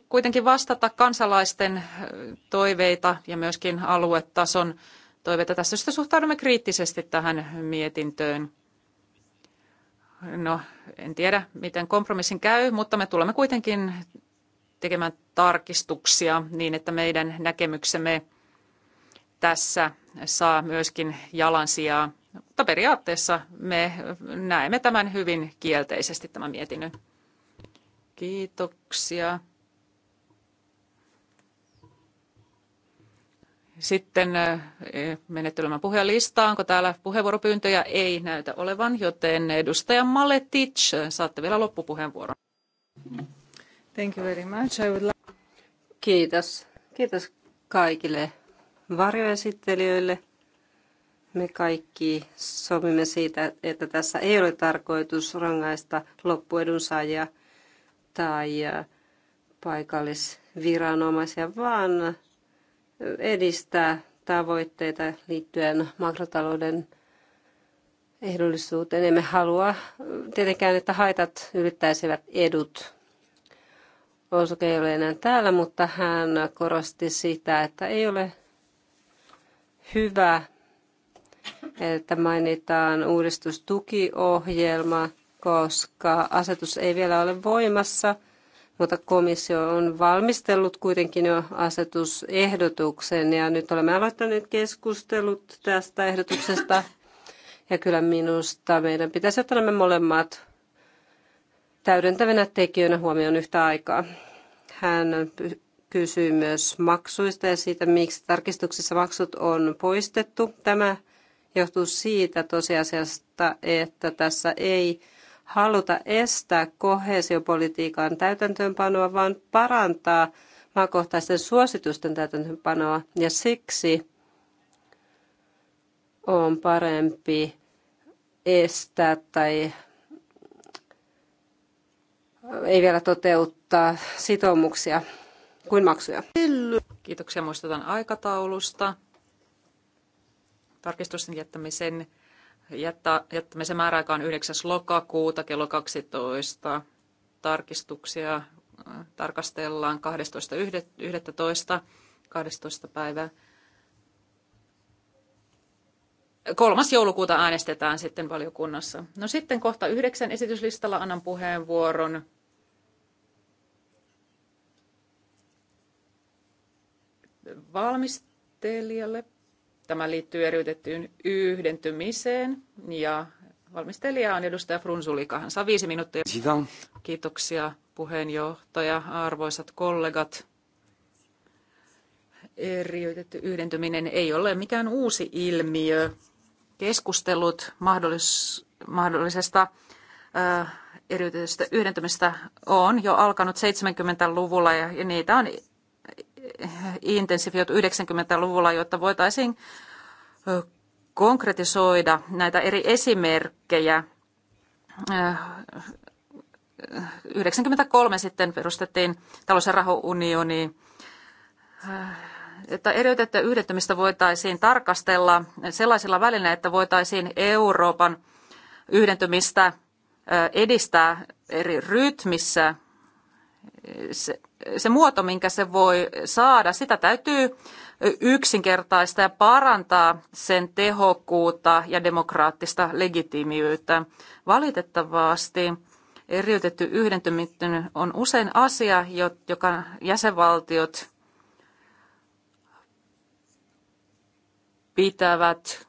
kuitenkin vastata kansalaisten toiveita ja myöskin aluetason toiveita. Tässä syystä suhtaudumme kriittisesti tähän mietintöön. No, en tiedä, miten kompromissin käy, mutta me tulemme kuitenkin tekemään tarkistuksia niin, että meidän näkemyksemme tässä saa myöskin jalansijaa. Mutta periaatteessa me näemme tämän hyvin kielteisesti tämän mietinnön. Kiitoksia. Sitten eh, menettelemään puheenlistaa. Onko täällä puheenvuoropyyntöjä? Ei näytä olevan, joten edustaja Maletic, saatte vielä loppupuheenvuoron. Mm. Thank you very much. I would like... Kiitos. Kiitos kaikille varjoesittelijöille. Me kaikki sovimme siitä, että tässä ei ole tarkoitus rangaista loppuedunsaajia tai paikallisviranomaisia, vaan edistää tavoitteita liittyen makrotalouden ehdollisuuteen. Emme halua tietenkään, että haitat ylittäisivät edut. Bosuke ei ole enää täällä, mutta hän korosti sitä, että ei ole hyvä, että mainitaan uudistustukiohjelma, koska asetus ei vielä ole voimassa, mutta komissio on valmistellut kuitenkin jo asetusehdotuksen ja nyt olemme aloittaneet keskustelut tästä ehdotuksesta. Ja kyllä minusta meidän pitäisi ottaa nämä molemmat täydentävänä tekijänä huomioon yhtä aikaa. Hän kysyi myös maksuista ja siitä, miksi tarkistuksissa maksut on poistettu. Tämä johtuu siitä tosiasiasta, että tässä ei haluta estää kohesiopolitiikan täytäntöönpanoa, vaan parantaa maakohtaisten suositusten täytäntöönpanoa. Ja siksi on parempi estää tai ei vielä toteuttaa sitoumuksia kuin maksuja. Kiitoksia muistutan aikataulusta. Tarkistusten jättämisen, jättä, jättämisen määräaika on 9. lokakuuta kello 12. Tarkistuksia äh, tarkastellaan 12.11. 12. päivä. 3. joulukuuta äänestetään sitten valiokunnassa. No sitten kohta yhdeksän esityslistalla annan puheenvuoron valmistelijalle. Tämä liittyy eriytettyyn yhdentymiseen ja valmistelija on edustaja Frunzulika. Hän saa viisi minuuttia. Kiitoksia puheenjohtaja, arvoisat kollegat. Eriytetty yhdentyminen ei ole mikään uusi ilmiö. Keskustelut mahdollis- mahdollisesta äh, eriytetystä yhdentymistä on jo alkanut 70-luvulla ja, ja niitä on intensifioitu 90-luvulla, jotta voitaisiin konkretisoida näitä eri esimerkkejä. 1993 sitten perustettiin talous- ja rahounioni, että eriytettyä yhdettämistä voitaisiin tarkastella sellaisilla välineillä, että voitaisiin Euroopan yhdentymistä edistää eri rytmissä – se, se muoto, minkä se voi saada, sitä täytyy yksinkertaista ja parantaa sen tehokkuutta ja demokraattista legitiimiyyttä. Valitettavasti eriytetty yhdentyminen on usein asia, joka jäsenvaltiot pitävät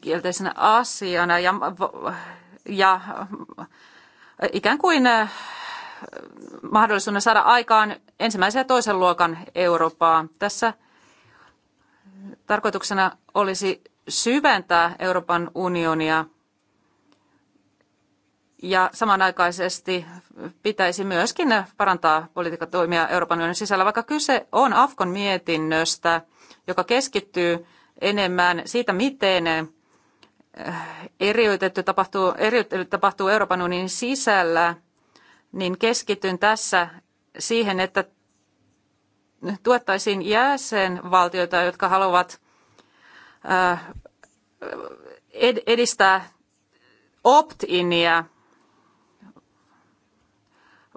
kielteisenä asiana ja, ja ikään kuin mahdollisuuden saada aikaan ensimmäisen ja toisen luokan Eurooppaa. Tässä tarkoituksena olisi syventää Euroopan unionia ja samanaikaisesti pitäisi myöskin parantaa politiikatoimia Euroopan unionin sisällä, vaikka kyse on Afkon mietinnöstä, joka keskittyy enemmän siitä, miten eh, eriytetty tapahtuu, eriytetty tapahtuu Euroopan unionin sisällä – niin keskityn tässä siihen, että tuettaisiin jäsenvaltioita, jotka haluavat äh, edistää opt-inia,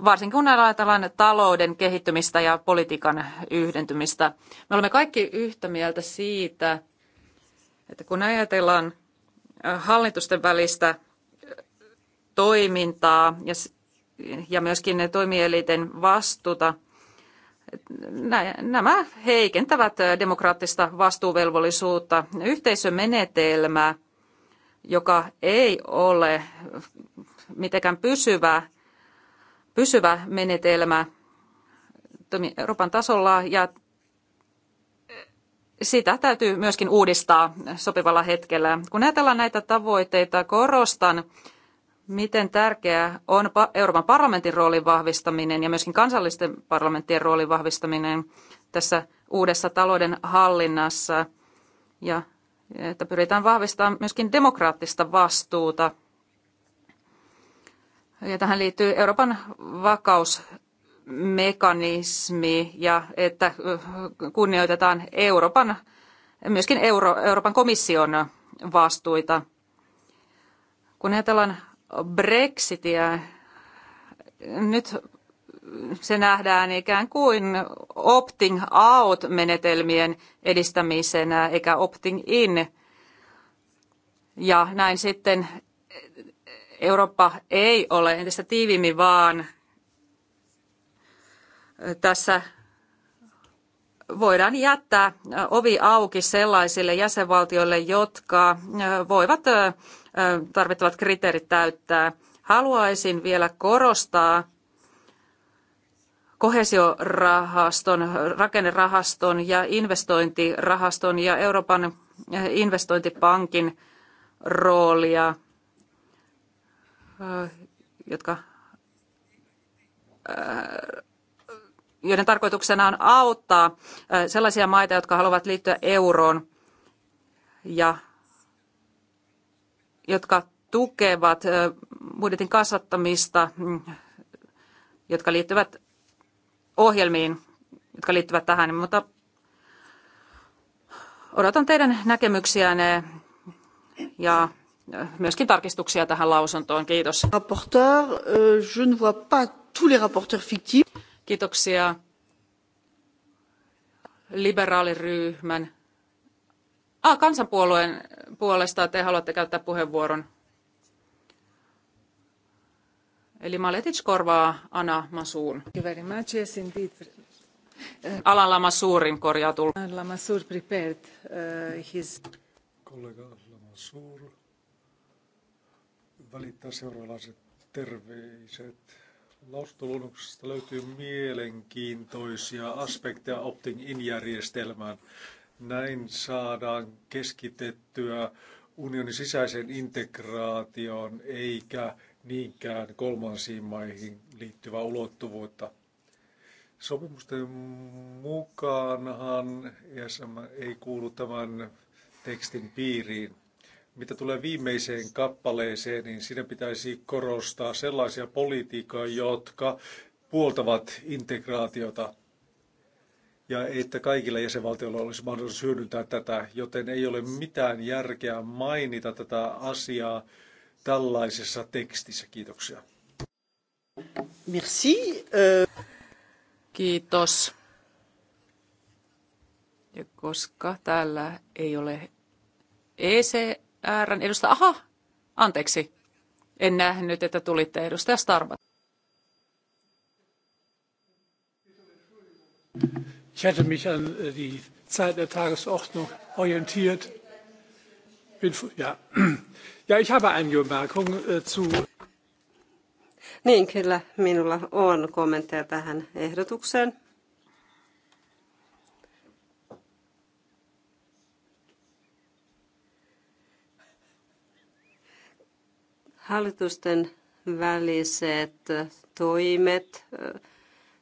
varsinkin kun ajatellaan talouden kehittymistä ja politiikan yhdentymistä. Me olemme kaikki yhtä mieltä siitä, että kun ajatellaan äh, hallitusten välistä äh, toimintaa ja ja myöskin toimielinten vastuuta. Nämä heikentävät demokraattista vastuuvelvollisuutta. Yhteisömenetelmä, joka ei ole mitenkään pysyvä, pysyvä menetelmä Euroopan tasolla ja sitä täytyy myöskin uudistaa sopivalla hetkellä. Kun ajatellaan näitä tavoitteita, korostan, miten tärkeää on Euroopan parlamentin roolin vahvistaminen ja myöskin kansallisten parlamenttien roolin vahvistaminen tässä uudessa talouden hallinnassa ja että pyritään vahvistamaan myöskin demokraattista vastuuta. Ja tähän liittyy Euroopan vakausmekanismi ja että kunnioitetaan Euroopan, myöskin Euro, Euroopan komission vastuita. Kun ajatellaan Brexitiä. Nyt se nähdään ikään kuin opting out-menetelmien edistämisenä eikä opting in. Ja näin sitten Eurooppa ei ole entistä tiiviimmin, vaan tässä voidaan jättää ovi auki sellaisille jäsenvaltioille, jotka voivat tarvittavat kriteerit täyttää. Haluaisin vielä korostaa kohesiorahaston, rakennerahaston ja investointirahaston ja Euroopan investointipankin roolia, jotka joiden tarkoituksena on auttaa sellaisia maita, jotka haluavat liittyä euroon ja jotka tukevat budjetin kasvattamista, mm, jotka liittyvät ohjelmiin, jotka liittyvät tähän, mutta odotan teidän näkemyksiänne ja myöskin tarkistuksia tähän lausuntoon. Kiitos. Rapporteur, je ne vois pas tous les rapporteurs fictifs. Kiitoksia liberaaliryhmän. Ah, kansanpuolueen puolesta että te haluatte käyttää puheenvuoron. Eli Maletic korvaa Anna Masuun. Uh, Alan Lamassuurin korjaa tullut. Lamassuur prepared uh, his... Kollega Lamassuur välittää seuraavaiset terveiset Lausuntoluonnoksesta löytyy mielenkiintoisia aspekteja opting-in-järjestelmään. Näin saadaan keskitettyä unionin sisäiseen integraatioon eikä niinkään kolmansiin maihin liittyvää ulottuvuutta. Sopimusten mukaanhan ESM ei kuulu tämän tekstin piiriin. Mitä tulee viimeiseen kappaleeseen, niin siinä pitäisi korostaa sellaisia politiikkoja, jotka puoltavat integraatiota ja että kaikilla jäsenvaltioilla olisi mahdollisuus hyödyntää tätä, joten ei ole mitään järkeä mainita tätä asiaa tällaisessa tekstissä. Kiitoksia. Merci. Kiitos. Ja koska täällä ei ole EC, äärän edustaja. Aha, anteeksi. En nähnyt, että tulitte edustaja Starva. Ich hatte mich an äh, die Zeit der Tagesordnung orientiert. Bin, ja. ja, ich habe eine Bemerkung äh, zu. Niin, kyllä minulla on kommentteja tähän ehdotukseen. Hallitusten väliset toimet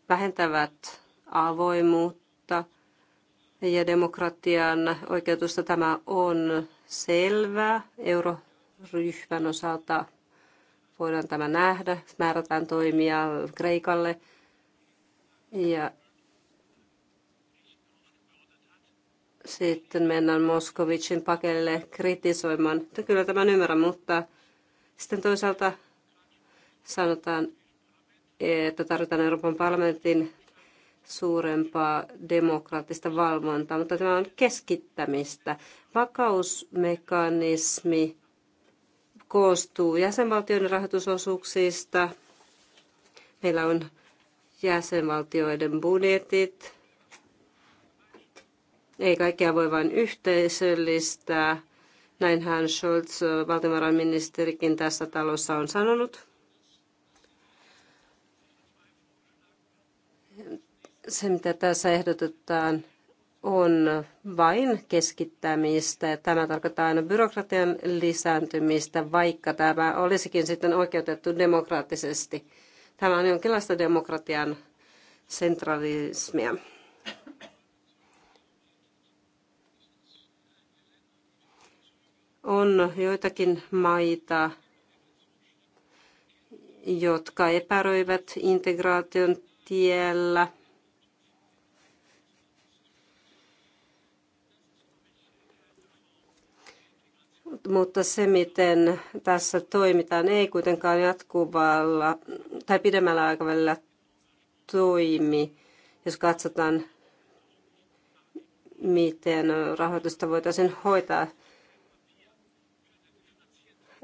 vähentävät avoimuutta ja demokratian oikeutusta. Tämä on selvää. Euroryhmän osalta voidaan tämä nähdä. Määrätään toimia Kreikalle ja sitten mennään Moskovicin pakelle kritisoimaan. Kyllä tämän ymmärrän, mutta sitten toisaalta sanotaan, että tarvitaan Euroopan parlamentin suurempaa demokraattista valvontaa, mutta tämä on keskittämistä. Vakausmekanismi koostuu jäsenvaltioiden rahoitusosuuksista. Meillä on jäsenvaltioiden budjetit. Ei kaikkea voi vain yhteisöllistää. Näinhän Scholz, valtiovarainministerikin tässä talossa on sanonut. Se, mitä tässä ehdotetaan, on vain keskittämistä. Tämä tarkoittaa aina byrokratian lisääntymistä, vaikka tämä olisikin sitten oikeutettu demokraattisesti. Tämä on jonkinlaista demokratian sentralismia. On joitakin maita, jotka epäröivät integraation tiellä. Mutta se, miten tässä toimitaan, ei kuitenkaan jatkuvalla tai pidemmällä aikavälillä toimi, jos katsotaan, miten rahoitusta voitaisiin hoitaa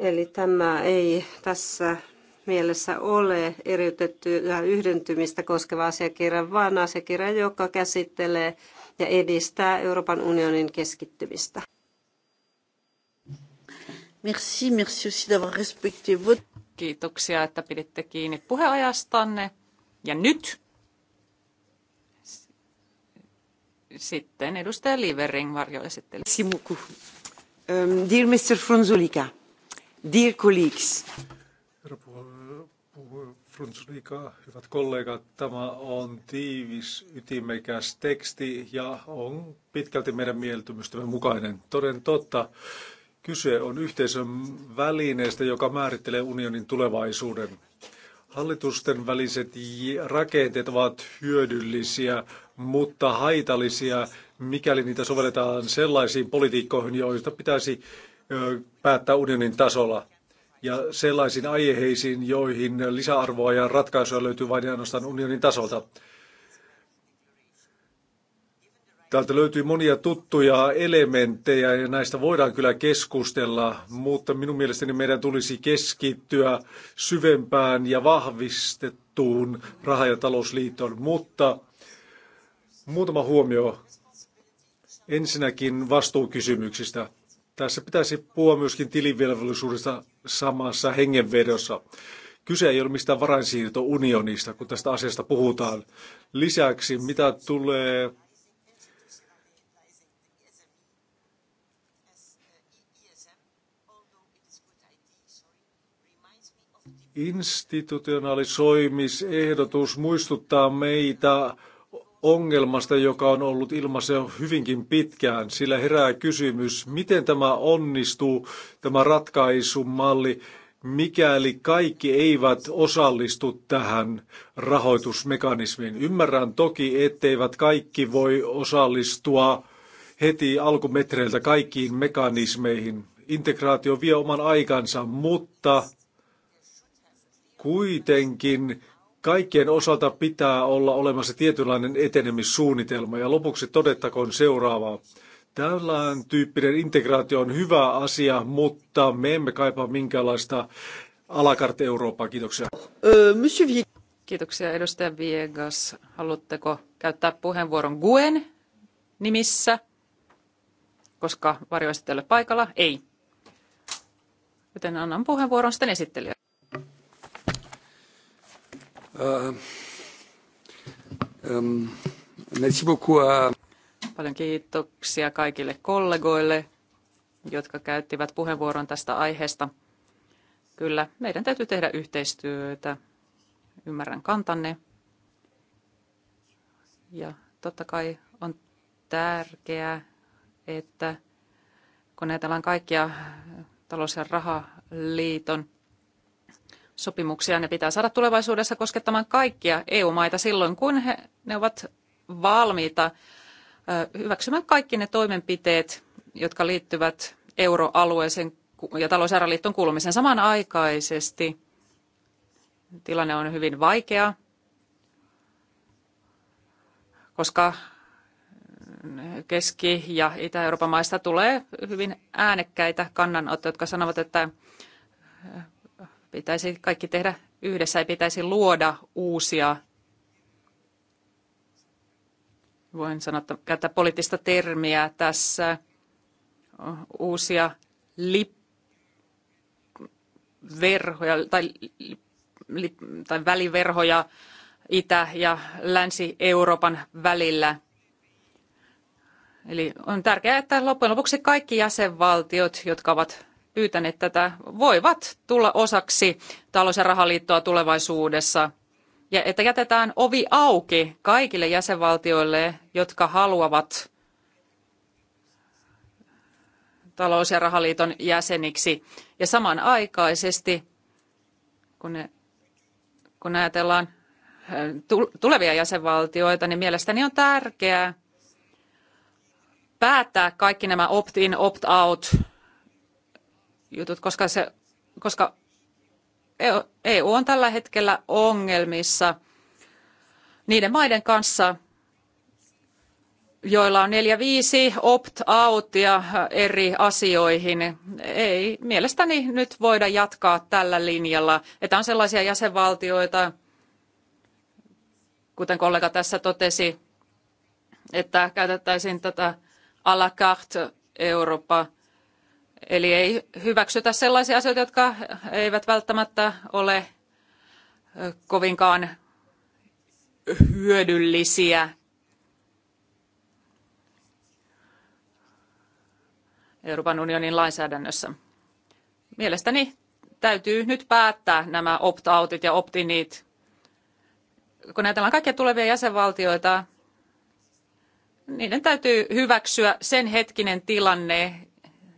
Eli tämä ei tässä mielessä ole eriytetty ja yhdentymistä koskeva asiakirja, vaan asiakirja, joka käsittelee ja edistää Euroopan unionin keskittymistä. Merci, merci aussi d'avoir respecté votre... Kiitoksia, että piditte kiinni puheajastanne. Ja nyt sitten edustaja Livering sitten. Merci beaucoup. Um, dear Mr. Frunzulika. Dear colleagues. Frunzulika, hyvät kollegat, tämä on tiivis, ytimekäs teksti ja on pitkälti meidän mieltymystämme mukainen. Toden totta, kyse on yhteisön välineestä, joka määrittelee unionin tulevaisuuden. Hallitusten väliset rakenteet ovat hyödyllisiä, mutta haitallisia, mikäli niitä sovelletaan sellaisiin politiikkoihin, joista pitäisi päättää unionin tasolla ja sellaisiin aiheisiin, joihin lisäarvoa ja ratkaisuja löytyy vain ainoastaan unionin tasolta. Täältä löytyy monia tuttuja elementtejä ja näistä voidaan kyllä keskustella, mutta minun mielestäni meidän tulisi keskittyä syvempään ja vahvistettuun raha- ja talousliittoon. Mutta muutama huomio ensinnäkin vastuukysymyksistä. Tässä pitäisi puhua myöskin tilivelvollisuudesta samassa hengenvedossa. Kyse ei ole mistään varainsiirtounionista, kun tästä asiasta puhutaan. Lisäksi, mitä tulee institutionaalisoimisehdotus muistuttaa meitä ongelmasta, joka on ollut ilmassa jo hyvinkin pitkään. Sillä herää kysymys, miten tämä onnistuu, tämä ratkaisumalli, mikäli kaikki eivät osallistu tähän rahoitusmekanismiin. Ymmärrän toki, etteivät kaikki voi osallistua heti alkumetreiltä kaikkiin mekanismeihin. Integraatio vie oman aikansa, mutta kuitenkin Kaikkien osalta pitää olla olemassa tietynlainen etenemissuunnitelma. Ja lopuksi todettakoon seuraavaa. Tällainen tyyppinen integraatio on hyvä asia, mutta me emme kaipaa minkäänlaista alakartta Eurooppaa. Kiitoksia. Kiitoksia edustaja Viegas. Haluatteko käyttää puheenvuoron Guen nimissä, koska varjoesittely paikalla? Ei. Joten annan puheenvuoron sitten esittelijälle. Ehm, ehm, merci beaucoup. Paljon kiitoksia kaikille kollegoille, jotka käyttivät puheenvuoron tästä aiheesta. Kyllä, meidän täytyy tehdä yhteistyötä. Ymmärrän kantanne. Ja totta kai on tärkeää, että kun ajatellaan kaikkia talous- ja rahaliiton sopimuksia. Ne pitää saada tulevaisuudessa koskettamaan kaikkia EU-maita silloin, kun he, ne ovat valmiita hyväksymään kaikki ne toimenpiteet, jotka liittyvät euroalueeseen ja talousaraliitton kuulumisen samanaikaisesti. Tilanne on hyvin vaikea, koska Keski- ja Itä-Euroopan maista tulee hyvin äänekkäitä kannanottoja, jotka sanovat, että Pitäisi kaikki tehdä yhdessä, ja pitäisi luoda uusia, voin sanoa, käyttää poliittista termiä tässä, uusia verhoja tai, li, tai väliverhoja Itä- ja Länsi-Euroopan välillä. Eli on tärkeää, että loppujen lopuksi kaikki jäsenvaltiot, jotka ovat pyytäneet tätä, voivat tulla osaksi talous- ja rahaliittoa tulevaisuudessa. Ja että jätetään ovi auki kaikille jäsenvaltioille, jotka haluavat talous- ja rahaliiton jäseniksi. Ja samanaikaisesti, kun, ne, kun ajatellaan äh, tulevia jäsenvaltioita, niin mielestäni on tärkeää päättää kaikki nämä opt-in, opt-out jutut, koska, se, koska EU e on tällä hetkellä ongelmissa niiden maiden kanssa, joilla on neljä viisi opt-outia eri asioihin. Ei mielestäni nyt voida jatkaa tällä linjalla, että on sellaisia jäsenvaltioita, kuten kollega tässä totesi, että käytettäisiin tätä à la carte Eurooppa Eli ei hyväksytä sellaisia asioita, jotka eivät välttämättä ole kovinkaan hyödyllisiä. Euroopan unionin lainsäädännössä. Mielestäni täytyy nyt päättää nämä opt-outit ja opt-init. Kun ajatellaan kaikkia tulevia jäsenvaltioita, niiden täytyy hyväksyä sen hetkinen tilanne,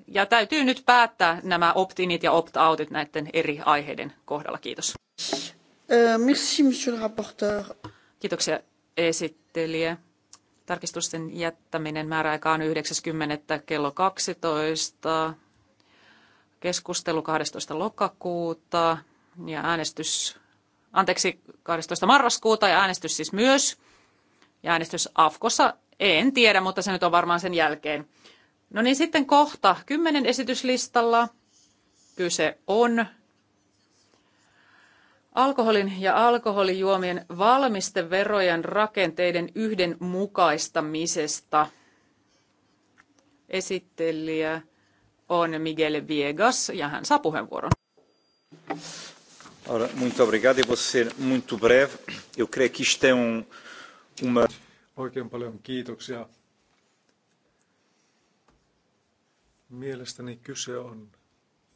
ja täytyy nyt päättää nämä opt-init ja opt-outit näiden eri aiheiden kohdalla. Kiitos. Merci, monsieur le rapporteur. Kiitoksia esittelijä. Tarkistusten jättäminen määräaika on 90. kello 12. Keskustelu 12. lokakuuta ja äänestys, anteeksi, 12. marraskuuta ja äänestys siis myös. Ja äänestys Afkossa en tiedä, mutta se nyt on varmaan sen jälkeen. No niin, sitten kohta kymmenen esityslistalla. Kyse on alkoholin ja alkoholijuomien valmisteverojen rakenteiden yhdenmukaistamisesta. Esittelijä on Miguel Viegas ja hän saa puheenvuoron. Ora, muito obrigado. Eu vou ser muito breve. Eu creio que isto é um, uma... Oikein paljon kiitoksia. Mielestäni kyse on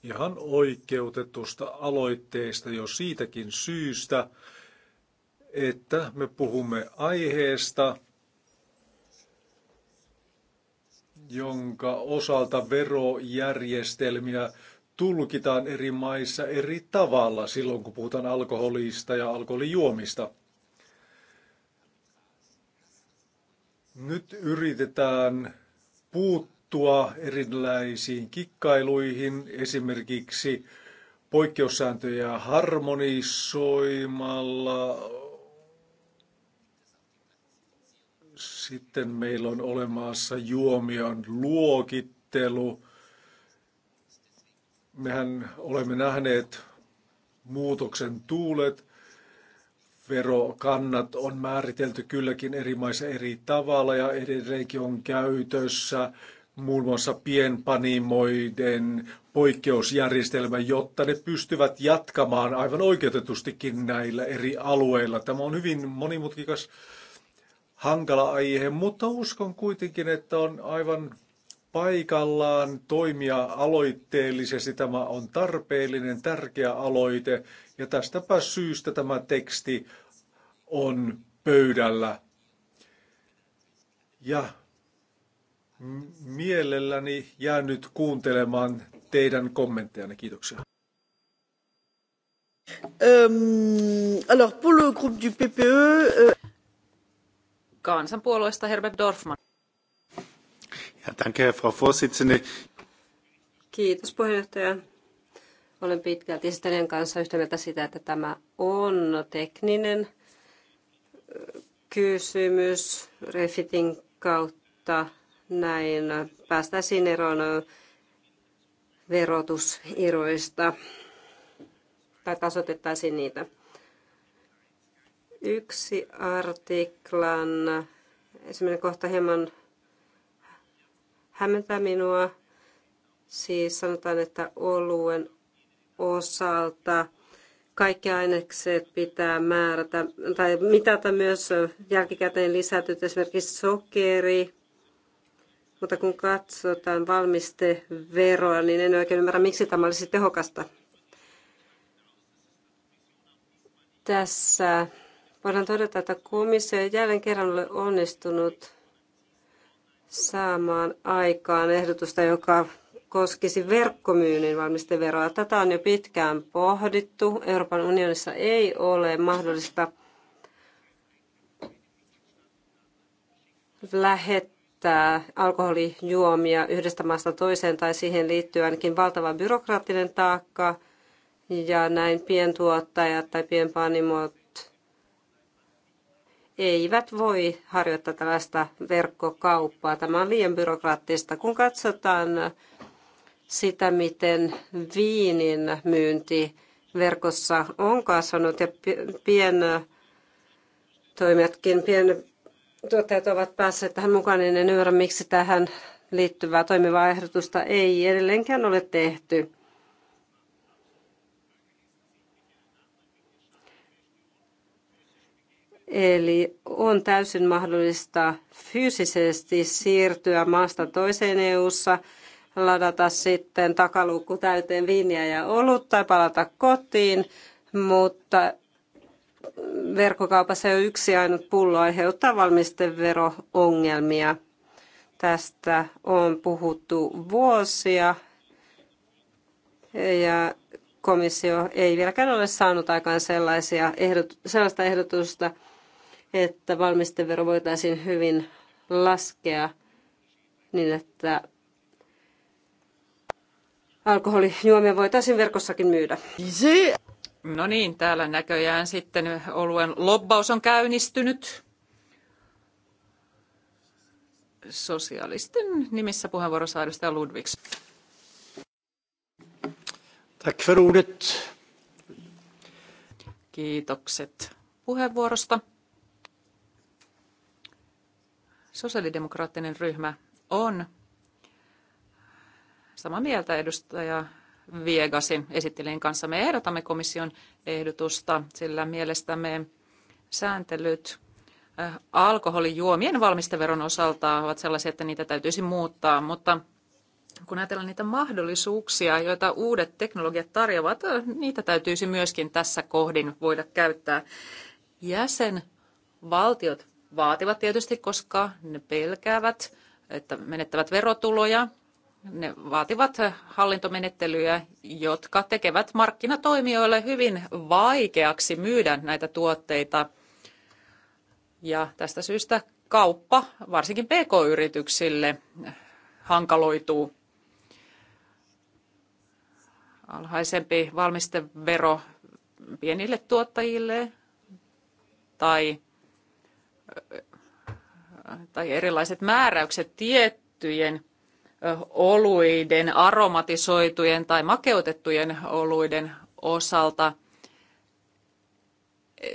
ihan oikeutetusta aloitteesta jo siitäkin syystä, että me puhumme aiheesta, jonka osalta verojärjestelmiä tulkitaan eri maissa eri tavalla silloin, kun puhutaan alkoholista ja alkoholijuomista. Nyt yritetään puuttua tarttua erilaisiin kikkailuihin, esimerkiksi poikkeussääntöjä harmonisoimalla. Sitten meillä on olemassa juomion luokittelu. Mehän olemme nähneet muutoksen tuulet. Verokannat on määritelty kylläkin eri maissa eri tavalla ja edelleenkin on käytössä muun muassa pienpanimoiden poikkeusjärjestelmä, jotta ne pystyvät jatkamaan aivan oikeutetustikin näillä eri alueilla. Tämä on hyvin monimutkikas, hankala aihe, mutta uskon kuitenkin, että on aivan paikallaan toimia aloitteellisesti. Tämä on tarpeellinen, tärkeä aloite ja tästäpä syystä tämä teksti on pöydällä. Ja Mielelläni jään nyt kuuntelemaan teidän kommenttejanne. Kiitoksia. Um, alors pour le groupe du PPE... euh... Kansanpuolueesta Herbert Dorfman. Ja, danke, Frau Vorsitzende. Kiitos puheenjohtaja. Olen pitkälti esittelijän kanssa yhtä mieltä sitä, että tämä on tekninen kysymys Refitin kautta näin päästäisiin eroon verotusiroista tai tasoitettaisiin niitä. Yksi artiklan ensimmäinen kohta hieman hämmentää minua. Siis sanotaan, että oluen osalta kaikki ainekset pitää määrätä tai mitata myös jälkikäteen lisätyt esimerkiksi sokeri, mutta kun katsotaan valmisteveroa, niin en oikein ymmärrä, miksi tämä olisi tehokasta. Tässä voidaan todeta, että komissio ei jälleen kerran ole onnistunut saamaan aikaan ehdotusta, joka koskisi verkkomyynnin valmisteveroa. Tätä on jo pitkään pohdittu. Euroopan unionissa ei ole mahdollista lähettää siirtää alkoholijuomia yhdestä maasta toiseen tai siihen liittyy ainakin valtava byrokraattinen taakka ja näin pientuottajat tai pienpanimot eivät voi harjoittaa tällaista verkkokauppaa. Tämä on liian byrokraattista. Kun katsotaan sitä, miten viinin myynti verkossa on kasvanut ja pientoimijatkin, pien tuottajat ovat päässeet tähän mukaan, niin en ymmärrä, miksi tähän liittyvää toimivaa ehdotusta ei edelleenkään ole tehty. Eli on täysin mahdollista fyysisesti siirtyä maasta toiseen EU-ssa, ladata sitten takaluukku täyteen viiniä ja olutta ja palata kotiin, mutta verkkokaupassa jo yksi ainut pullo aiheuttaa valmistevero-ongelmia. Tästä on puhuttu vuosia ja komissio ei vieläkään ole saanut aikaan sellaisia ehdot, sellaista ehdotusta, että valmistevero voitaisiin hyvin laskea niin, että alkoholijuomia voitaisiin verkossakin myydä. No niin, täällä näköjään sitten oluen lobbaus on käynnistynyt. Sosialisten nimissä puheenvuorossa edustaja Ludvigs. Tack för ordet. Kiitokset puheenvuorosta. Sosialidemokraattinen ryhmä on samaa mieltä edustaja Viegasi esittelijän kanssa. Me ehdotamme komission ehdotusta, sillä mielestämme sääntelyt äh, alkoholijuomien valmisteveron osalta ovat sellaisia, että niitä täytyisi muuttaa, mutta kun ajatellaan niitä mahdollisuuksia, joita uudet teknologiat tarjoavat, äh, niitä täytyisi myöskin tässä kohdin voida käyttää. Jäsenvaltiot vaativat tietysti, koska ne pelkäävät, että menettävät verotuloja ne vaativat hallintomenettelyjä, jotka tekevät markkinatoimijoille hyvin vaikeaksi myydä näitä tuotteita. Ja tästä syystä kauppa, varsinkin pk-yrityksille, hankaloituu. Alhaisempi valmistevero pienille tuottajille tai, tai erilaiset määräykset tiettyjen oluiden, aromatisoitujen tai makeutettujen oluiden osalta.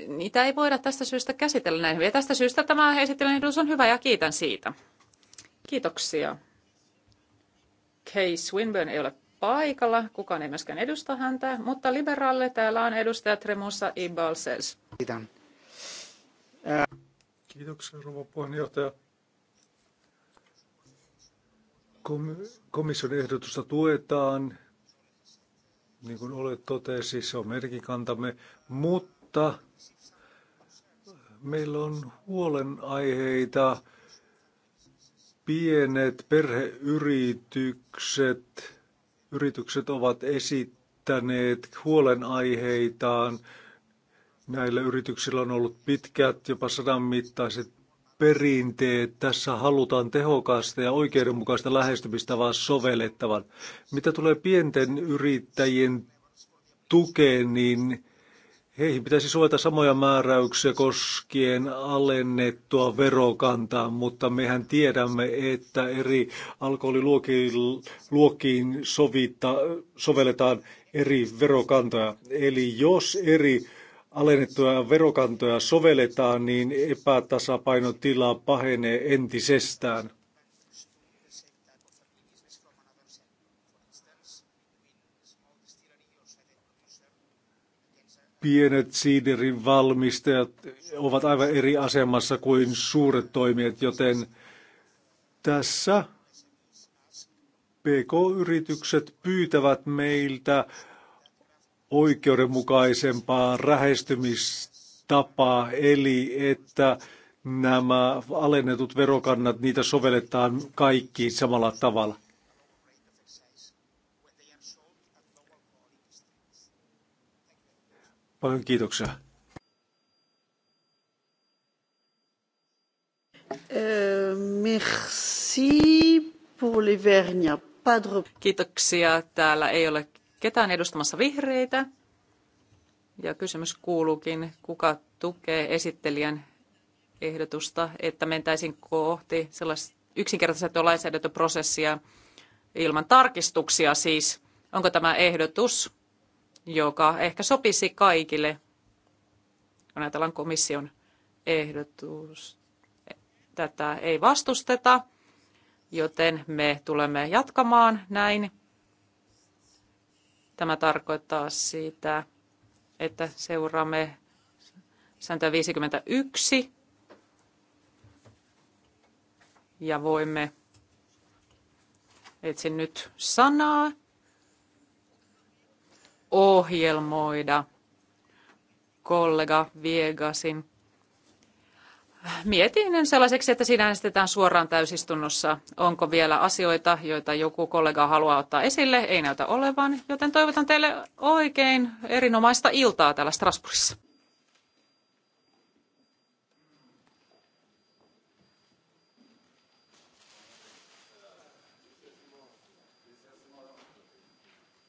Niitä ei voida tästä syystä käsitellä näin hyvin. tästä syystä tämä esittelyehdotus on hyvä ja kiitän siitä. Kiitoksia. Kay Swinburne ei ole paikalla, kukaan ei myöskään edusta häntä, mutta liberaalle täällä on edustaja Tremussa Ibalses. Kiitän. Kiitoksia, rouva puheenjohtaja komission ehdotusta tuetaan, niin kuin olet totesi, se on merkikantamme, mutta meillä on huolenaiheita pienet perheyritykset yritykset ovat esittäneet huolenaiheitaan. Näillä yrityksillä on ollut pitkät, jopa sadan mittaiset perinteet. Tässä halutaan tehokasta ja oikeudenmukaista lähestymistavaa sovellettavan. Mitä tulee pienten yrittäjien tukeen, niin heihin pitäisi suojata samoja määräyksiä koskien alennettua verokantaa, mutta mehän tiedämme, että eri alkoholiluokkiin sovitta, sovelletaan eri verokantoja. Eli jos eri alennettuja verokantoja sovelletaan, niin epätasapainotila pahenee entisestään. Pienet siiderin valmistajat ovat aivan eri asemassa kuin suuret toimijat, joten tässä PK-yritykset pyytävät meiltä oikeudenmukaisempaa rähestymistapaa, eli että nämä alennetut verokannat, niitä sovelletaan kaikkiin samalla tavalla. Paljon kiitoksia. Euh, merci pour les Kiitoksia. Täällä ei ole ketään edustamassa vihreitä. Ja kysymys kuuluukin, kuka tukee esittelijän ehdotusta, että mentäisiin kohti sellaista yksinkertaisesti lainsäädäntöprosessia ilman tarkistuksia siis. Onko tämä ehdotus, joka ehkä sopisi kaikille, kun ajatellaan komission ehdotus. Tätä ei vastusteta, joten me tulemme jatkamaan näin. Tämä tarkoittaa sitä, että seuraamme sääntöä 51 ja voimme etsin nyt sanaa ohjelmoida kollega Viegasin mietinnön sellaiseksi, että siinä äänestetään suoraan täysistunnossa. Onko vielä asioita, joita joku kollega haluaa ottaa esille? Ei näytä olevan, joten toivotan teille oikein erinomaista iltaa täällä Strasbourgissa.